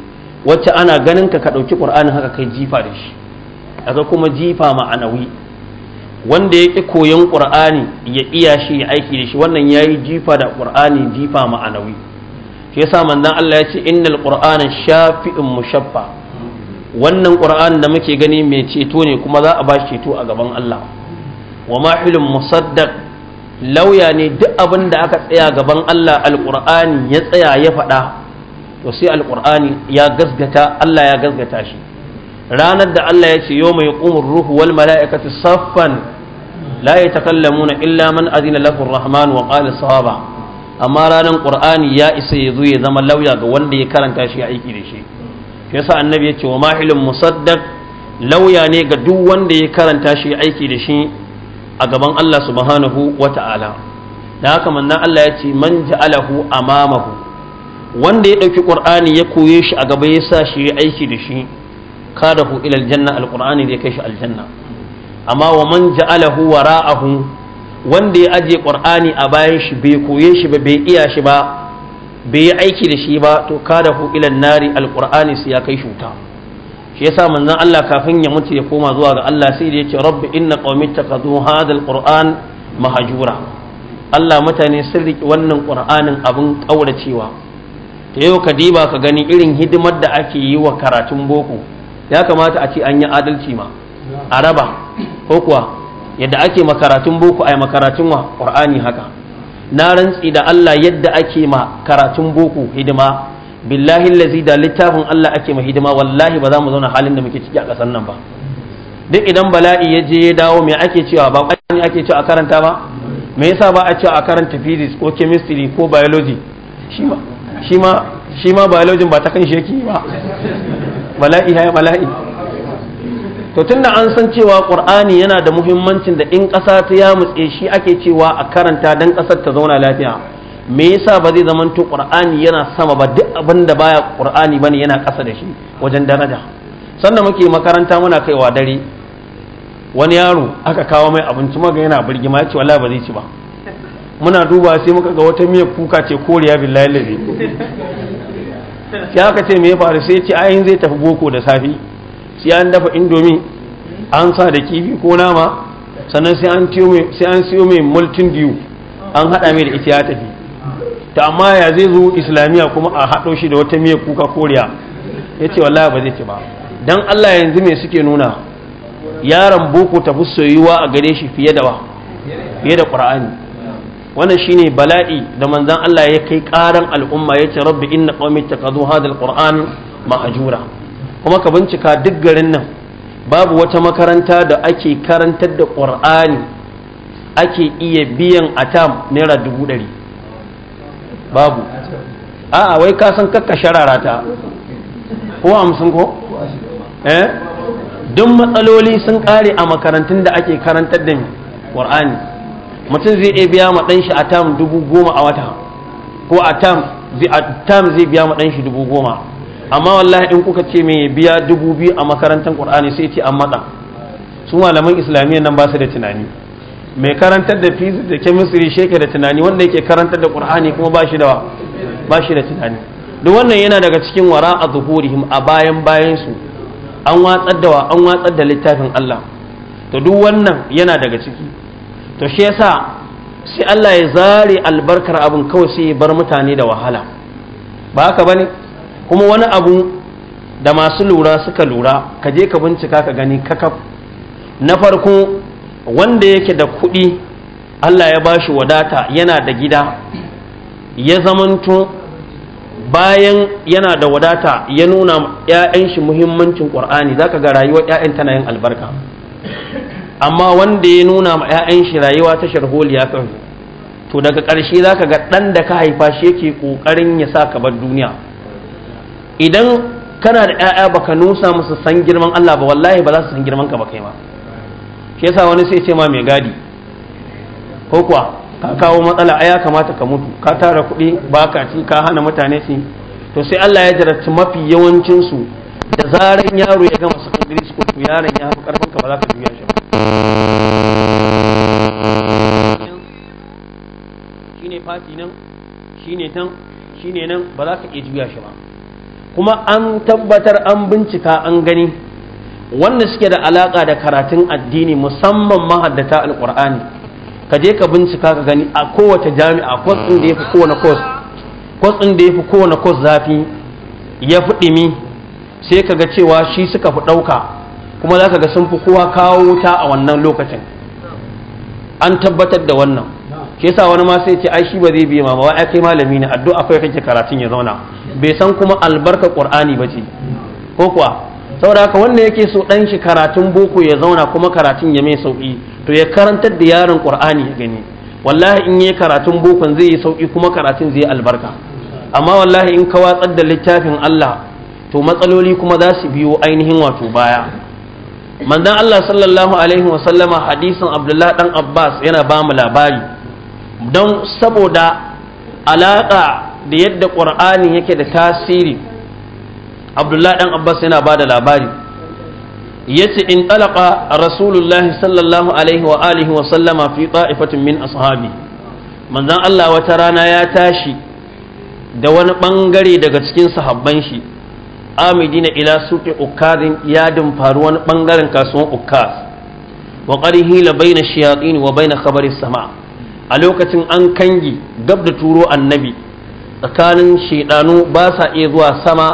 wacce ana ganin ka ka dauki qur'anin haka kai jifa da shi aka kuma jifa ma'anawi wanda ya ƙi koyon ƙur'ani ya iya shi ya aiki da shi wannan ya yi jifa da ƙur'ani jifa ma'anawi shi yasa manzon Allah ya ce innal qur'ana shafi'un mushaffa wannan qur'an da muke gani mai ceto ne kuma za a ba shi ceto a gaban Allah wa ma hilum musaddaq lauya ne duk abin da aka tsaya gaban Allah alqur'ani ya tsaya ya faɗa to sai alqur'ani ya gasgata Allah ya gasgata shi ranar da Allah ya ce yau mai ruhu wal mala'ikatu saffan la yatakallamuna illa man azina lahu rahman wa qala sawaba amma ranar qur'ani ya isa ya zo ya zama lauya ga wanda ya karanta shi aiki da shi shi yasa annabi ya ce wa mahilun musaddaq lauya ne ga duk wanda ya karanta shi aiki da shi a gaban Allah subhanahu wa ta'ala da haka manna Allah ya ce man ja'alahu amamahu wanda ya dauki qur'ani ya koye shi a gaba ya sa shi aiki da shi kadahu ila aljanna alqur'ani zai kai shi aljanna amma wa man ja'alahu wara'ahu wanda ya ajiye ƙwar'ani a bayan shi bai koye shi ba bai iya shi ba bai yi aiki da shi ba to kada ku ilan nari alƙur'ani su ya kai shuta shi yasa manzon Allah kafin ya mutu ya koma zuwa ga Allah sai da yace rabbi inna qaumi takadu hadha alqur'an mahajura. Allah mutane sun riki wannan qur'anin abin ƙauracewa. ta yau ka diba ka gani irin hidimar da ake yi wa karatun boko ya kamata a ce an yi adalci ma a raba ko kuwa yadda ake makaratun boko ai makaratun wa qur'ani haka na rantsi da Allah yadda ake ma karatun boko hidima billahi lazi da littafin Allah ake ma hidima wallahi ba za mu zauna halin da muke ciki a ƙasar nan ba duk idan bala'i ya je ya dawo me ake cewa ba ƙwani ake cewa a karanta ba me yasa ba a cewa a karanta physics ko chemistry ko biology shi ma biology ba ta kan shi yake ba bala'i ya bala'i to tunda an san cewa qur'ani yana da muhimmancin da in ƙasa ta ya mutse shi ake cewa a karanta dan ƙasar ta zauna lafiya me yasa ba zai zama to qur'ani yana sama ba duk abinda da baya qur'ani bane yana ƙasa da shi wajen daraja sannan muke makaranta muna kaiwa dare wani yaro aka kawo mai abinci maga yana birgima ya ce wallahi ba zai ci ba muna duba sai muka ga wata miyar kuka ce koriya billahi lalle sai aka ce me ya faru sai ce ayin zai tafi boko da safi sai an dafa indomi an sa da kifi ko nama sannan sai an siyo mai multin biyu, an haɗa mai da ita ya tafi ta amma ya zai zo islamiyya kuma a haɗo shi da wata miyar kuka koriya ya ce wallahi ba zai ce ba don allah yanzu mai suke nuna yaron boko tafi soyuwa a gare shi fiye da wa fiye da ƙur'ani wannan shine bala'i da manzan allah ya kai ƙaran al'umma ya ce rabbi inna ka zo hadha ƙura'an ma'ajura. kuma ka bincika duk garin nan babu wata makaranta da ake karantar da ƙur'ani ake iya biyan a tam naira dubu ɗari babu a'a wai ka san kakka sharara ta ko hamsin ko eh duk matsaloli sun ƙare a makarantun da ake karantar da ƙur'ani mutum zai iya biya ma ɗanshi tam dubu goma a wata ko a tam zai biya ma ɗanshi dubu goma amma wallahi in kuka ce mai biya dubu biyu a makarantar qur'ani sai ce an matsa su malaman islamiyya nan ba su da tunani mai karantar da physics da chemistry sheke da tunani wanda yake karantar da qur'ani kuma ba shi da da tunani duk wannan yana daga cikin wara a zuhurihim a bayan bayan an watsar da an watsar da littafin Allah to duk wannan yana daga ciki to shi yasa sai Allah ya zare albarkar abin kawai sai ya bar mutane da wahala ba haka bane kuma wani abu da masu lura suka lura ka je ka bincika ka gani kakaf na farko wanda yake da kuɗi Allah ya bashi wadata yana da gida ya zamanto bayan yana da wadata ya nuna 'ya'yan shi muhimmancin ƙwar'ani za ka ga rayuwar 'ya'yan tana yin albarka amma wanda ya nuna ma 'ya'yan shi rayuwa ta sharholiya kan to daga ƙarshe za ka ga ɗan da ka haifa shi yake ƙoƙarin ya sa ka bar duniya idan kana da 'ya'ya baka nusa musu san girman Allah ba wallahi ba za su san girman ka ba kai ma shi yasa wani sai ce ma mai gadi ko kuwa ka kawo matsala a ya kamata ka mutu ka tara kuɗi ba ka ci ka hana mutane su to sai Allah ya jarabci mafi yawancin su da zaran yaro ya gama sakandare su to yaron ya fi karfin ka ba za ka juya shi ba shine fati nan shine tan shine nan ba za ka iya juya shi ba kuma an tabbatar an bincika an gani wanda suke da alaka da karatun addini musamman mahaddata alkur'ani ka je ka bincika ka gani a kowace jami'a kwas ɗin da ya fi kowane kwas kwas ɗin da ya kowane kwas zafi ya fi ɗimi sai ka ga cewa shi suka fi ɗauka kuma za ka ga sun fi kowa kawo wuta a wannan lokacin an tabbatar da wannan shi yasa wani ma sai ce ai shi ba zai biya ma ba ai kai malami ne addu'a kai kake karatun ya zauna bai san kuma albarka qur'ani ba ce ko kuwa saboda haka wanda yake so dan shi karatun boko ya zauna kuma karatun ya mai sauƙi, to ya karantar da yaron qur'ani ya gani wallahi in yi karatun bokon zai yi sauki kuma karatun zai yi albarka amma wallahi in ka watsar da littafin Allah to matsaloli kuma za su biyo ainihin wato baya manzon Allah sallallahu alaihi wa sallama hadisin Abdullah dan Abbas yana ba mu labari don saboda alaƙa da yadda ƙur'ani yake da tasiri abdullahi ɗan abbas yana ba da labari ya ce in talaka rasulullahi sallallahu alaihi wa alihi wa sallama fi ta'ifatin min ashabi manzon allah wata rana ya tashi da wani bangare daga cikin sahabban shi amidina ila suke ukarin yadin faru wani bangaren kasuwan uka wa hila baina shayatin wa baina khabari sama a lokacin an kangi gab da turo annabi tsakanin shiɗanu ba sa iya zuwa sama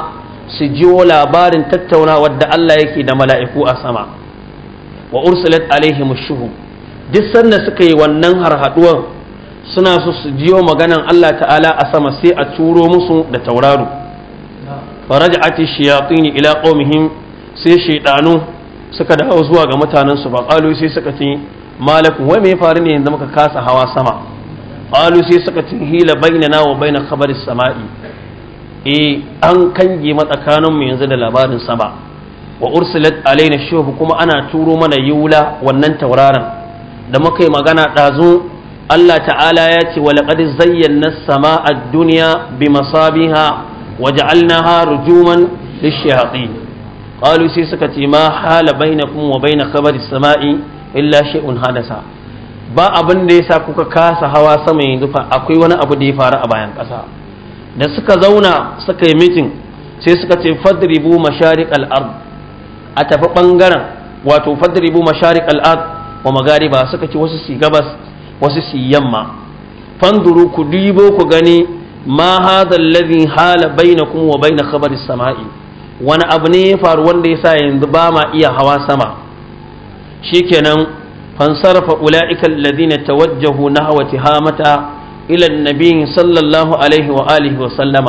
su jiwo labarin tattaunawar da Allah yake da mala'iku a sama wa ursulat alaihi shuhu duk sanda suka yi wannan harhaduwar suna so su jiwo maganan Allah ta'ala a sama sai a turo musu da tauraro ati shayatin ila qaumihim sai shaidanu suka dawo zuwa ga mutanen su ba sai suka ce malakum wai me faru ne yanzu muka kasa hawa sama qalu sai suka ce hila bainana wa baina khabaris sama'i an kange matsakanin mu yanzu da labarin sama wa ursulat alaina shuh kuma ana turo mana yula wannan tauraron da muka magana dazu Allah ta'ala ya ce wa laqad zayyana samaa ad-dunya bi masabiha wa ja'alnaha rujuman lish-shayatin qalu sai suka ce ma hala bainakum wa bain khabaris sama'i illa shay'un hadasa ba abin da ya sa kuka kasa hawa sama yanzu fa akwai wani abu da ya faru a bayan ƙasa da suka zauna suka yi mitin sai suka ce fadribu masharik al'ad a tafi ɓangaren wato fadribu masharik al'ad wa wa magariba suka ce wasu si gabas wasu si yamma fanduru ku dibo ku gani ma hadha alladhi hala bainakum wa bain khabari samai wani abu ne ya faru wanda ya sa yanzu ba ma iya hawa sama shikenan فانصرف أولئك الذين توجهوا نحو تهامة إلى النبي صلى الله عليه وآله وسلم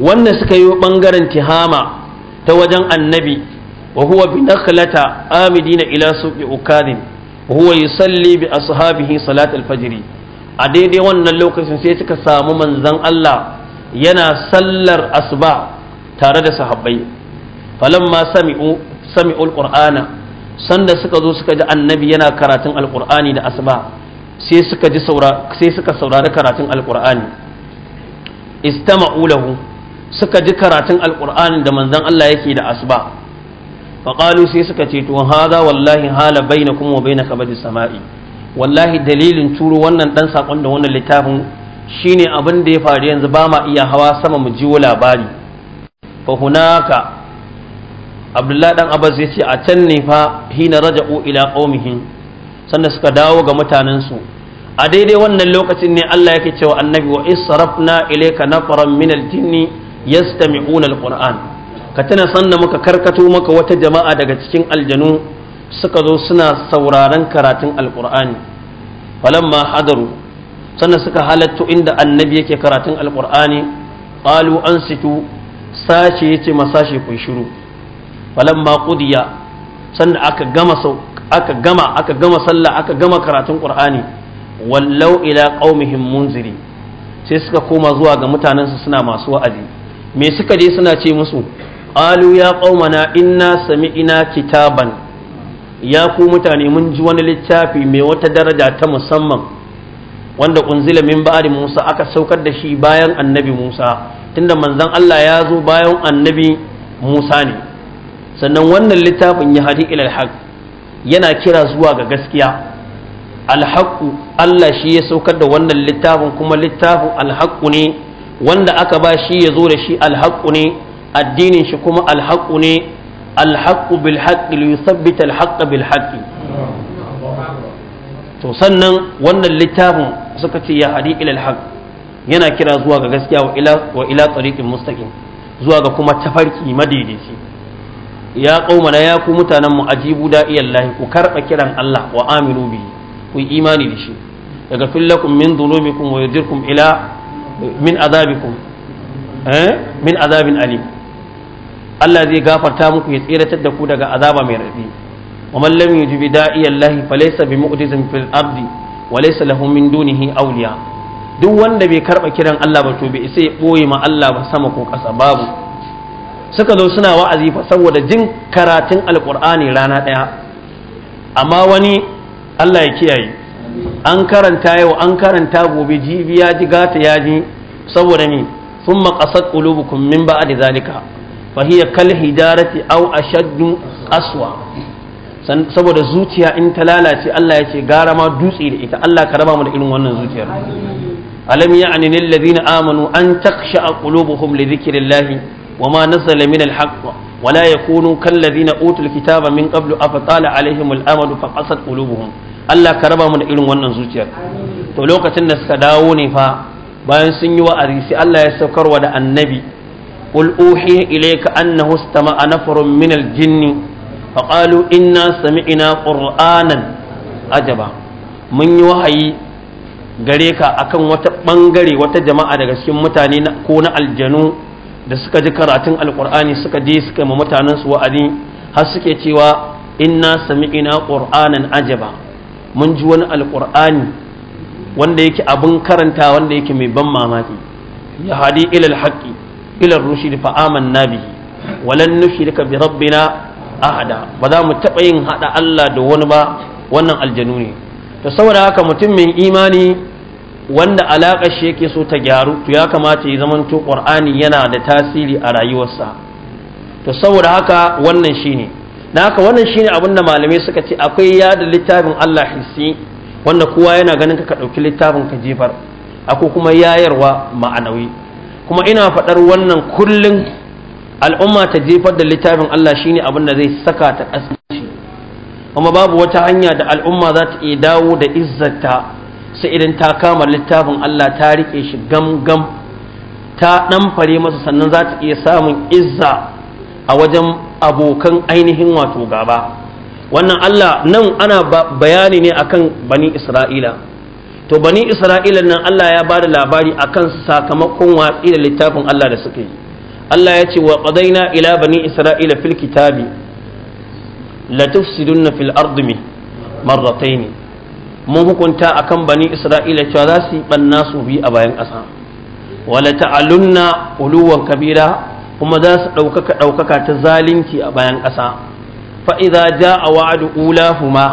وأن سكيو بنغر تهامة توجن النبي وهو بنخلة آمدين إلى سوق أكاد وهو يصلي بأصحابه صلاة الفجر أديدي وأن اللوكس سيتك سامو من زن الله ينا سلر أصبع تارد صحابي فلما سمعوا سمعوا القرآن sanda suka zo suka ji annabi yana karatun alkur'ani da asuba sai suka saurari karatun alkur'ani istama'u lahu suka ji karatun alkur'ani da manzon Allah yake da asuba faqalu sai suka ce to hadha wallahi hala bainakum wa bainaka badi sama'i wallahi dalilin turo wannan dan sakon da wannan littafin shine abin da ya faru yanzu ba ma iya hawa sama mu ji labari fa hunaka abdullahi dan abbas ya ce a can ne fa hina raja'u ila qaumihim sanda suka dawo ga mutanen su, a daidai wannan lokacin ne Allah yake cewa annabi wa israfna ilayka nafaran min al-jinni yastami'una al-qur'an ka tana sanda muka karkato maka wata jama'a daga cikin aljanu suka zo suna sauraron karatun alqur'ani falamma hadaru sannan suka halatto inda annabi yake karatun alqur'ani qalu ansitu sashi yace masashi kun shiru ma qudiya sanda aka gama sau aka gama aka gama sallah aka gama karatun qur'ani wallau ila qaumihim munziri sai suka koma zuwa ga mutanensu suna masu wa'azi me suka je suna ce musu qalu ya qaumana inna sami'na kitaban ya ku mutane mun ji wani littafi mai wata daraja ta musamman wanda unzila min ba'di Musa aka saukar da shi bayan annabi Musa tunda manzon Allah ya zo bayan annabi Musa ne sannan wannan littafin ya hadi ilal haq yana kira zuwa ga gaskiya alhaku Allah shi ya saukar da wannan littafin kuma littafin alhaƙu ne wanda aka ba shi ya zo da shi alhaƙu ne addinin shi kuma alhaƙu ne alhaƙu bil haqqi li yuthabbita alhaqqa bil to sannan wannan littafin suka ce ya hadi ilal haq yana kira zuwa ga gaskiya wa ila wa ila tariqin zuwa ga kuma tafarki madaidaici ya qaumana ya ku mutanen mu ajibu iyallahi ku karba kiran Allah wa aminu bihi ku yi imani da shi daga fillakum min dhulumikum wa yudirkum ila min azabikum eh min azabin alim Allah zai gafarta muku ya tsiratar da ku daga azaba mai rabi wa man lam yujibi laysa bi bimu'jizin fil ardi wa laysa lahum min dunihi awliya duk wanda bai karba kiran Allah ba to bai sai ya boye ma Allah ba sama ko kasa babu suka zo suna wa'azi fa saboda jin karatun alkur'ani rana ɗaya amma wani Allah ya kiyaye an karanta yau an karanta gobe jibi ya ji gata ya ji saboda ni sun maƙasar qulubukum min ba'di zalika fa hiya kal hijarati aw ashaddu aswa saboda zuciya in ta lalace Allah ya ce gara ma dutse da ita Allah ka raba mu da irin wannan zuciyar alam ya'ni lil ladina amanu an taksha qulubuhum li dhikrillah وما نزل من الحق ولا يكونوا كالذين أوتوا الكتاب من قبل أفطال عليهم الأمد فقصت قلوبهم Allah ka raba mu da irin wannan zuciyar to lokacin da suka dawo ne fa bayan sun yi wa'azi sai Allah ya saukarwa da annabi qul uhiya ilayka annahu istama'a nafarun min al-jinni fa qalu inna sami'na qur'anan ajaba mun yi wahayi gare ka akan wata bangare wata jama'a daga cikin mutane ko na aljanu da suka ji karatun alkur'ani suka je suka ma mutanen su wa'azi har suke cewa inna sami'ina qur'anan ajaba mun ji wani alkur'ani wanda yake abin karanta wanda yake mai ban mamaki ya hadi ilal haqqi ilal rushd fa amanna bihi walan nushrika bi rabbina ahada ba za mu taɓa yin haɗa Allah da wani ba wannan aljanu ne to saboda haka mutum mai imani wanda alaƙa shi yake so ta gyaru to ya kamata ya zamanto ƙur'ani yana da tasiri a rayuwarsa to saboda haka wannan shine na haka wannan shine abin da malamai suka ce akwai yada littafin Allah hissi wanda kowa yana ganin ka ɗauki littafin ka jefar akwai kuma yayarwa ma'anawi kuma ina faɗar wannan kullum al'umma ta jefar da littafin Allah shine abin da zai saka ta ƙasƙanci kuma babu wata hanya da al'umma za ta iya dawo da izzata sai idan ta kama littafin Allah ta rike shi gam gam ta ɗan fare masa sannan za ta iya samun izza a wajen abokan ainihin wato gaba wannan Allah nan ana bayani ne akan bani Isra'ila to bani Isra'ila nan Allah ya ba da labari akan sakamakon watsi da littafin Allah da suka yi Allah ya ce wa qadaina ila bani Isra'ila fil kitabi la tufsiduna fil ardi marrataini mun hukunta kan bani isra'ila cewa za su yi ɓanna su bi a bayan ƙasa wala ta'alunna uluwan kabira kuma za su ɗaukaka ɗaukaka ta zalunci a bayan ƙasa fa'iza ja a wa'adu Ula, huma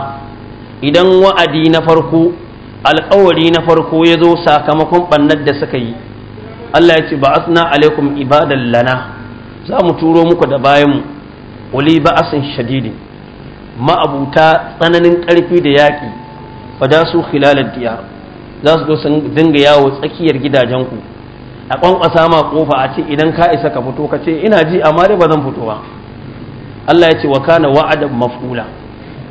idan wa'adi na farko alƙawari na farko ya zo sakamakon ɓannar da suka yi Allah ya ce ba asna alaikum ibadan lana za mu turo muku da bayanmu uli ba'asin shadidin ma'abuta tsananin ƙarfi da yaƙi fadasu khilalad diyar za su zo sun dinga yawo tsakiyar gidajen ku a kwankwasa ma kofa a ce idan ka isa ka fito ka ce ina ji amma dai ba zan fito ba Allah ya ce wa kana wa'adan maf'ula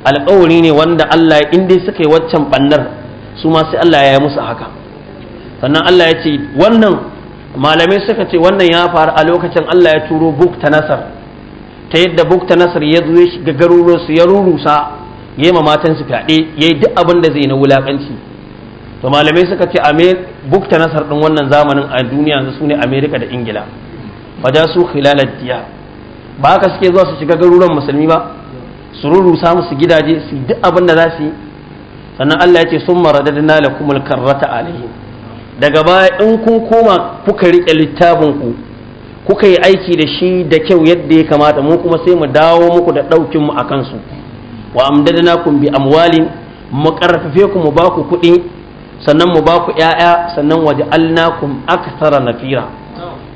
alƙawari ne wanda Allah in suka yi waccan bannar su ma sai Allah ya yi musu haka sannan Allah ya ce wannan malamai suka ce wannan ya faru a lokacin Allah ya turo buk ta nasar ta yadda buk ta nasar ya zo ya shiga su ya rurusa yayi ma matan su fyaɗe yayi duk abin da zai na wulakanci to malamai suka ce bukta nasar ɗin wannan zamanin a duniya yanzu sune America da Ingila wajen su khilalad diya ba haka suke zuwa su shiga garuruwan musulmi ba su rurusa musu gidaje su duk abin da za su yi sannan Allah ya ce sun da lakumul karrata alaihim daga baya in kun koma kuka riƙe littafin ku kuka yi aiki da shi da kyau yadda ya kamata mu kuma sai mu dawo muku da ɗaukin mu a kansu wa kum bi amwalin mu karfafe ku mu ba kuɗi sannan mu baku ku ƴaƴa sannan kum akthara nafira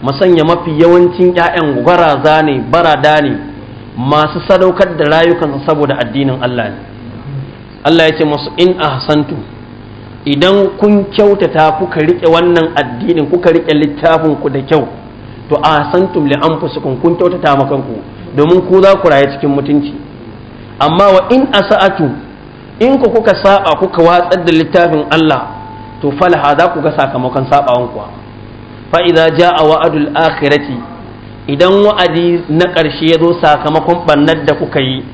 mu sanya mafi yawancin ƴaƴan gwaraza ne barada ne masu sadaukar da rayukansu saboda addinin Allah ne Allah ya ce musu in ahsantu idan kun kyautata kuka rike wannan addinin kuka rike littafin ku da kyau to ahsantum li anfusikum kun kyautata ma domin ku za ku raye cikin mutunci amma wa in sa'atu, in ku kuka saba kuka watsar da littafin Allah to falaha za ku ga sakamakon sabawan kuwa fa idza jaa wa'adul akhirati idan wa'adi na ƙarshe ya zo sakamakon bannar da kuka yi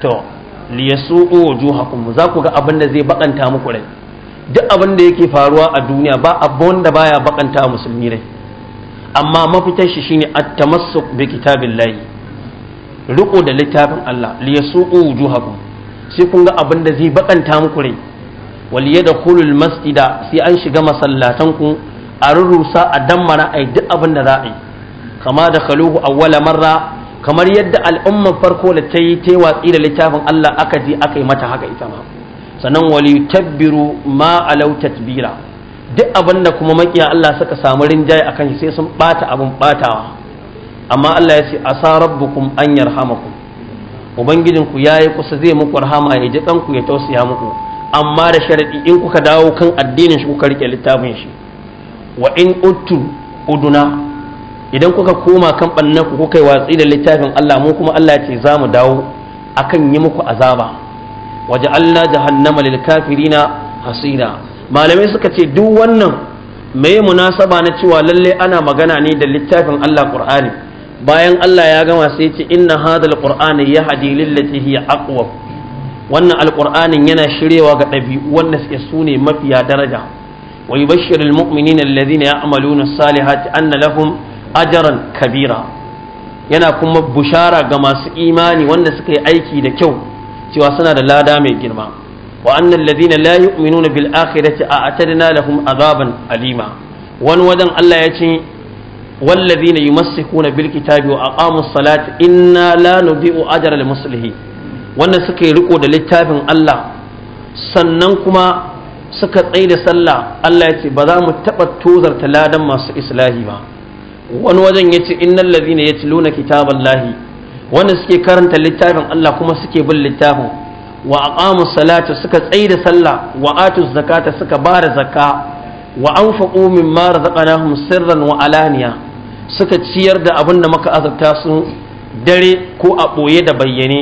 to liyasu'u wujuhakum za ku ga abin da zai bakanta muku rai duk abin yake faruwa a duniya ba abin da baya bakanta musulmi rai amma mafitar shi shine at-tamassuk bi kitabillahi riko da littafin Allah li yasuqu wujuhakum sai kun ga abin da zai bakanta muku rai wal yadkhulu al masjida sai an shiga masallatan ku a rurrusa a dammara ai duk abin da za a yi kama da khaluhu awwala marra kamar yadda al'ummar farko da ta yi ta watsi da littafin Allah aka je aka yi mata haka ita ma sannan wali tabbiru ma alau tatbira duk abin da kuma makiya Allah suka samu rinjaye akan shi sai sun bata abin batawa amma Allah ya ce asa rabbukum an yarhamakum ubangijinku yayi kusa zai muku rahama ya ji ku ya tausaya muku amma da sharaɗi in kuka dawo kan addinin shi kuka rike littafin shi wa in uttu uduna idan kuka koma kan bannan ku kuka yi watsi da littafin Allah mu kuma Allah ya ce za mu dawo akan yi muku azaba waje Allah jahannama lil kafirina hasina malamai suka ce duk wannan me munasaba na cewa lalle ana magana ne da littafin Allah Qur'ani bayan Allah ya gama sai ce inna hadal qur'ani yahdi lillati hiya aqwa wannan alqur'anin yana shirewa ga ɗabi'u wanda suke sune mafiya daraja wa yubashshirul mu'minina alladhina ya'maluna salihati anna lahum ajran kabira yana kuma bushara ga masu imani wanda suka yi aiki da kyau cewa suna da lada mai girma wa annal ladina la yu'minuna bil akhirati a'tadna lahum azaban alima wani wajen Allah ya ce والذين يمسكون بالكتاب وأقاموا الصلاة إنا لا نضيء أجر المصلحين wannan suka yi riko da littafin Allah sannan kuma suka tsaye da sallah Allah ya ce ba za mu taɓa tozarta ladan masu islahi ba wani wajen ya ce innal ladhina yatluna lahi. wanda suke karanta littafin Allah kuma suke bin littafin wa aqamu salatu suka tsaye da sallah wa atu zakata suka da zakka wa anfaqu mimma razaqnahum sirran wa alaniya suka ciyar da abin da muka azabta su dare ko a ɓoye da bayyane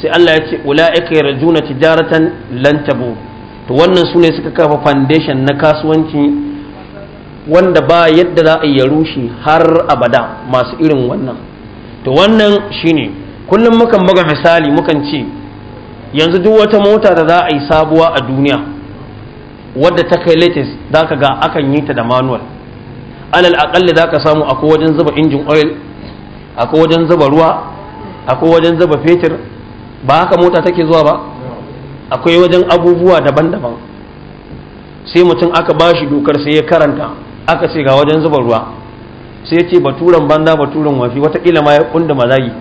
sai Allah ya ce ula'ika juna tijaratan lantabo to wannan su ne suka kafa foundation na kasuwanci wanda ba yadda za a yi rushe har abada masu irin wannan to wannan shine kullum mukan buga misali mukan ce yanzu duk wata mota da za a yi sabuwa a duniya wadda ta kai latest za ka ga akan yi ta da manual alal aƙalli za ka samu akwai wajen zuba injin oil akwai wajen zuba ruwa akwai wajen zuba fetur ba haka mota take zuwa ba akwai wajen abubuwa daban-daban sai mutum aka ba shi dokar sai ya karanta aka ce ga wajen zuba ruwa sai ya ce baturan banza baturan wafi watakila ma ya kunda mazagi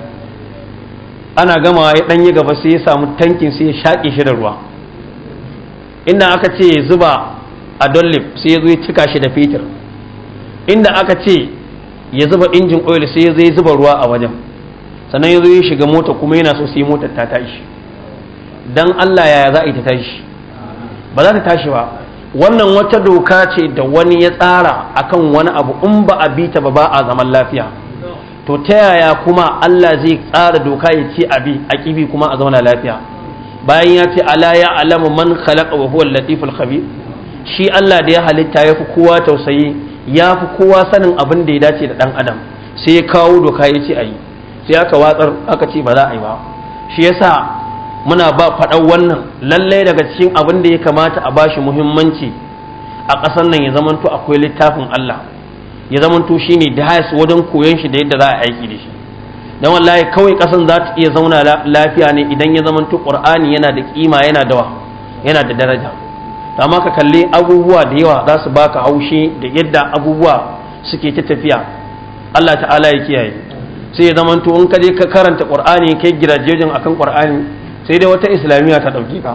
ana gama ya yi gaba sai ya samu tankin sai ya shaƙe shi da ruwa inda aka ce ya zuba a dollif sai ya zo ya cika shi da fetur inda aka ce ya zuba injin oil sai zai zuba ruwa a wajen sannan ya zo ya shiga mota kuma yana so sai motar ta tashi dan Allah yaya za a yi ta tashi ba za ta tashi ba wannan wata doka ce da wani ya tsara akan wani abu in ba a bi ta ba ba a zaman lafiya to ta yaya kuma Allah zai tsara doka ya ce abi a kibi kuma a zauna lafiya bayan ya ce ala ya alamu man khalaqa wa huwa al-latiful khabir shi Allah da ya halitta ya fi kowa tausayi ya fi kowa sanin abin da ya dace da ɗan adam sai ya kawo doka ya ce a yi sai aka watsar aka ce ba za a yi ba shi yasa muna ba faɗan wannan lallai daga cikin abin da ya kamata a bashi muhimmanci a ƙasar nan ya zamanto akwai littafin Allah ya zamanto ne da hayas wajen koyon shi da yadda za a aiki da shi dan wallahi kawai ƙasar za ta iya zauna lafiya ne idan ya zamanto ƙur'ani yana da kima yana da yana da daraja ta ka kalli abubuwa da yawa za su baka haushi da yadda abubuwa suke ta tafiya Allah ta'ala ya kiyaye sai ya zamanto in ka je ka karanta qur'ani kai girajejin akan qur'ani sai dai wata islamiyya ta dauke ka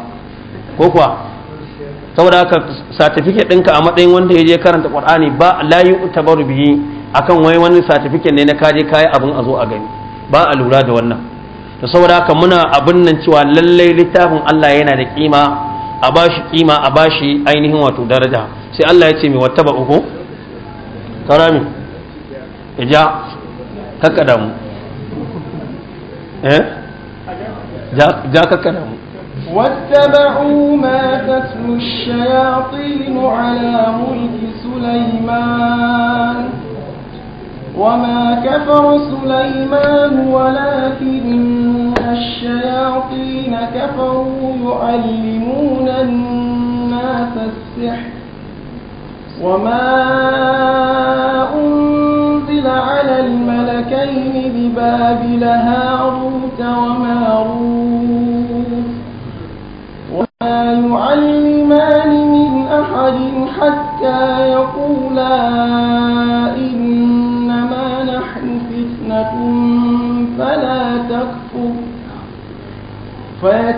ko kuwa saboda haka certificate ɗinka a matsayin wanda ya je karanta qur'ani ba la yu'tabaru bihi akan wai wani certificate ne na kaje kayi abin a zo a gani ba a lura da wannan to saboda haka muna abin nan cewa lallai littafin Allah yana da kima a ba shi kima a ba shi ainihin wato daraja sai Allah ya ce mai wata uku karami ja kakkada mu eh ja kakkada mu واتبعوا ما تتلو الشياطين على ملك سليمان وما كفر سليمان ولكن الشياطين كفروا يعلمون الناس السحر وما أنزل على الملكين ببابل هاروت وماروت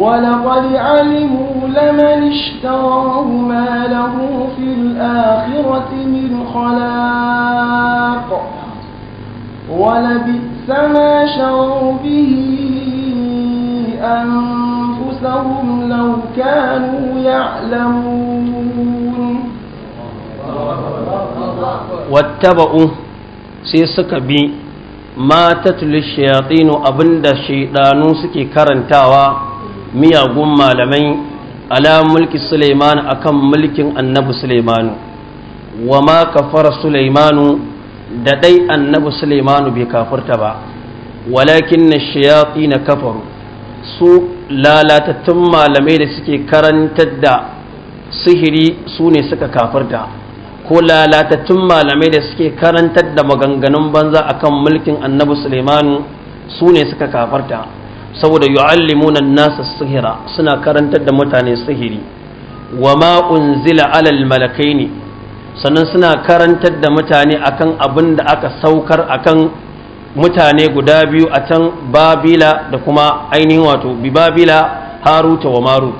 ولقد علموا لمن اشتراه ما له في الآخرة من خلاق ولبئس ما شروا به أنفسهم لو كانوا يعلمون واتبعوا سيسك بي ما تتل الشياطين أبند الشيطان سكي كرنتاوا miyagun malamai ala mulki Suleiman akan mulkin annabi Suleimanu wa ma kafara Suleimanu da dai annabi Suleimanu bai kafurta ba walakin na shayatsi na kafaru su lalatattun malamai da suke karantar da sihiri su ne suka kafurta ko lalatattun malamai da suke karantar da maganganun banza akan mulkin annabi Suleimanu su ne suka kafarta saboda yu'allimuna nasa sihira suna karantar da mutane sihiri wa alal unzila alal malakaini sannan suna karantar da mutane akan abin da aka saukar akan mutane guda biyu a can babila da kuma ainihin wato bi babila haruta wa maru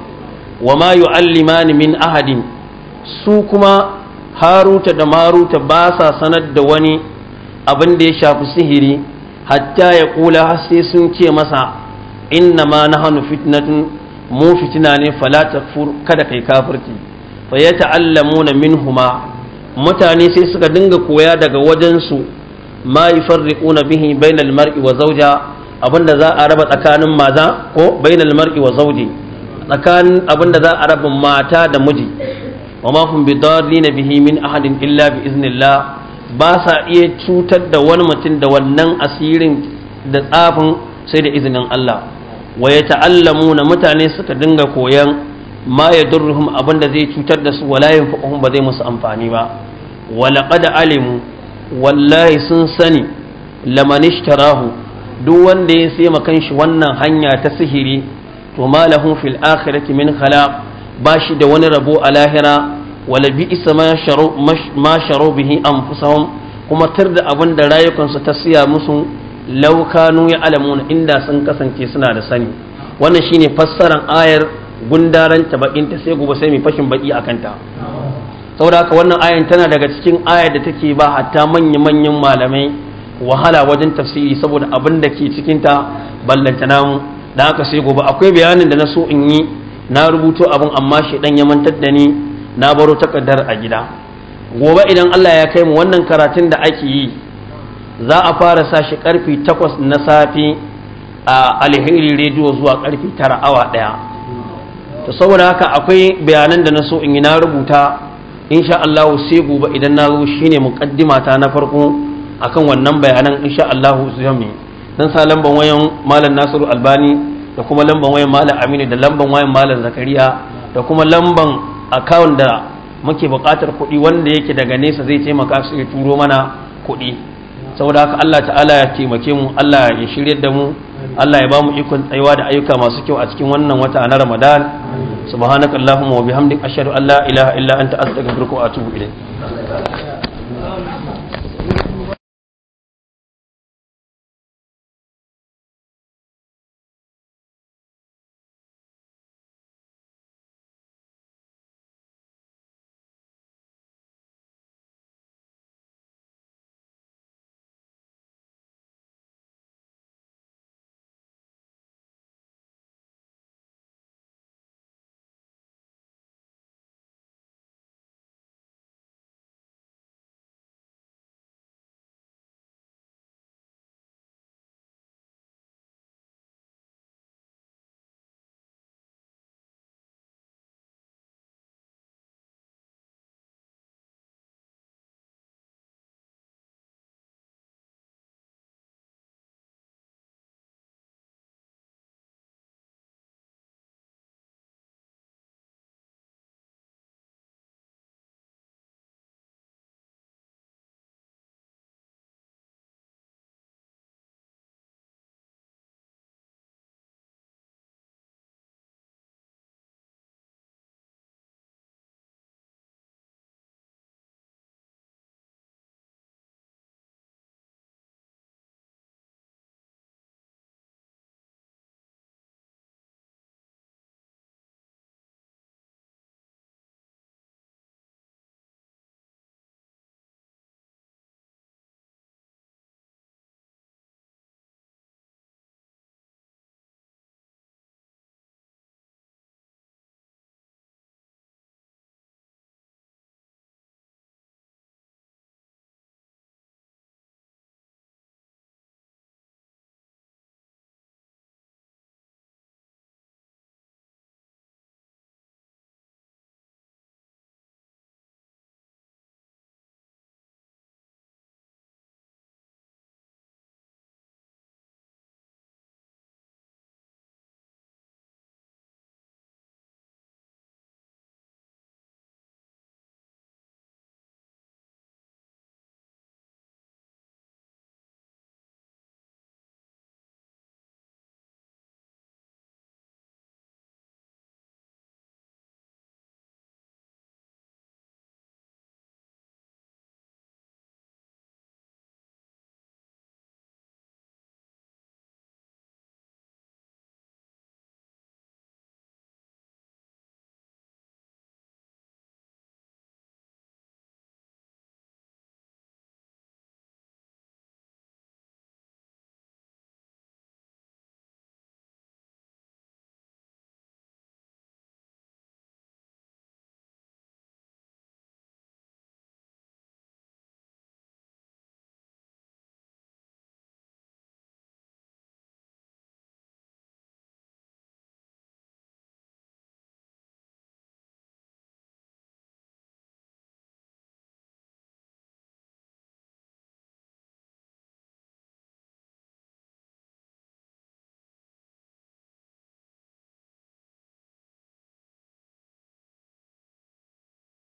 wa ma yu'allimani min ahadin su kuma haruta da maruta ba sa sanar da wani abin da ya shafi sihiri hatta ya kula har sai sun ce masa inna ma nahnu fitnatun mu fitina ne fala takfur kada kai kafirci fa yata'allamuna minhuma mutane sai suka dinga koya daga wajen su ma yufarriquna bihi bainal mar'i wa zawja abinda za a raba tsakanin maza ko bainal mar'i wa zawji tsakanin abinda za a raba mata da miji wa ma hum bidarrin bihi min ahadin illa bi iznillah ba sa iya cutar da wani mutum da wannan asirin da tsafin sai da izinin Allah wa na mutane suka dinga koyan ma abin da zai cutar da su walayin yanfa'uhum ba zai musu amfani ba Walaƙa da alimu wallahi sun sani laman tarahu duk wanda ya sai makan shi wannan hanya ta sihiri to ma fil akhirati min hala ba shi da wani rabo a lahira wala bi isa ma an bihi anfusahum kuma tar da abin da rayukansu ta siya musu ya alamu na inda sun kasance suna da sani wannan shine fassaran ayar gundaran ta ta sai gobe sai mai fashin baki kanta. Sau saboda haka wannan ayar tana daga cikin ayar da take ba hatta manya manyan malamai wahala wajen tafsiri saboda abin da ke cikin ta ballanta namu da haka sai gobe akwai bayanin da na so in yi na rubuto abin amma shi dan ya mantar da ni na baro takardar a gida gobe idan Allah ya kai mu wannan karatun da ake yi za a fara sashi karfi takwas na safi a alheri rediyo zuwa karfi tara awa daya to saboda haka akwai bayanan da na so in yi na rubuta insha Allah sai gobe idan na zo shine mukaddima ta na farko akan wannan bayanan insha Allah zan dan sa lamban wayan malam Nasiru Albani da kuma lamban wayan malam Aminu da lamban wayan malam Zakariya da kuma lamban account da muke buƙatar kuɗi wanda yake daga nesa zai taimaka su ya turo mana kuɗi saboda haka Allah ta'ala ya taimake mu Allah ya shiryar da mu Allah ya ba mu ikon tsayuwa da ayyuka masu kyau a cikin wannan wata na Ramadan subhanakallahumma wa bihamdika ashhadu an la ilaha illa anta astaghfiruka wa atubu ilayk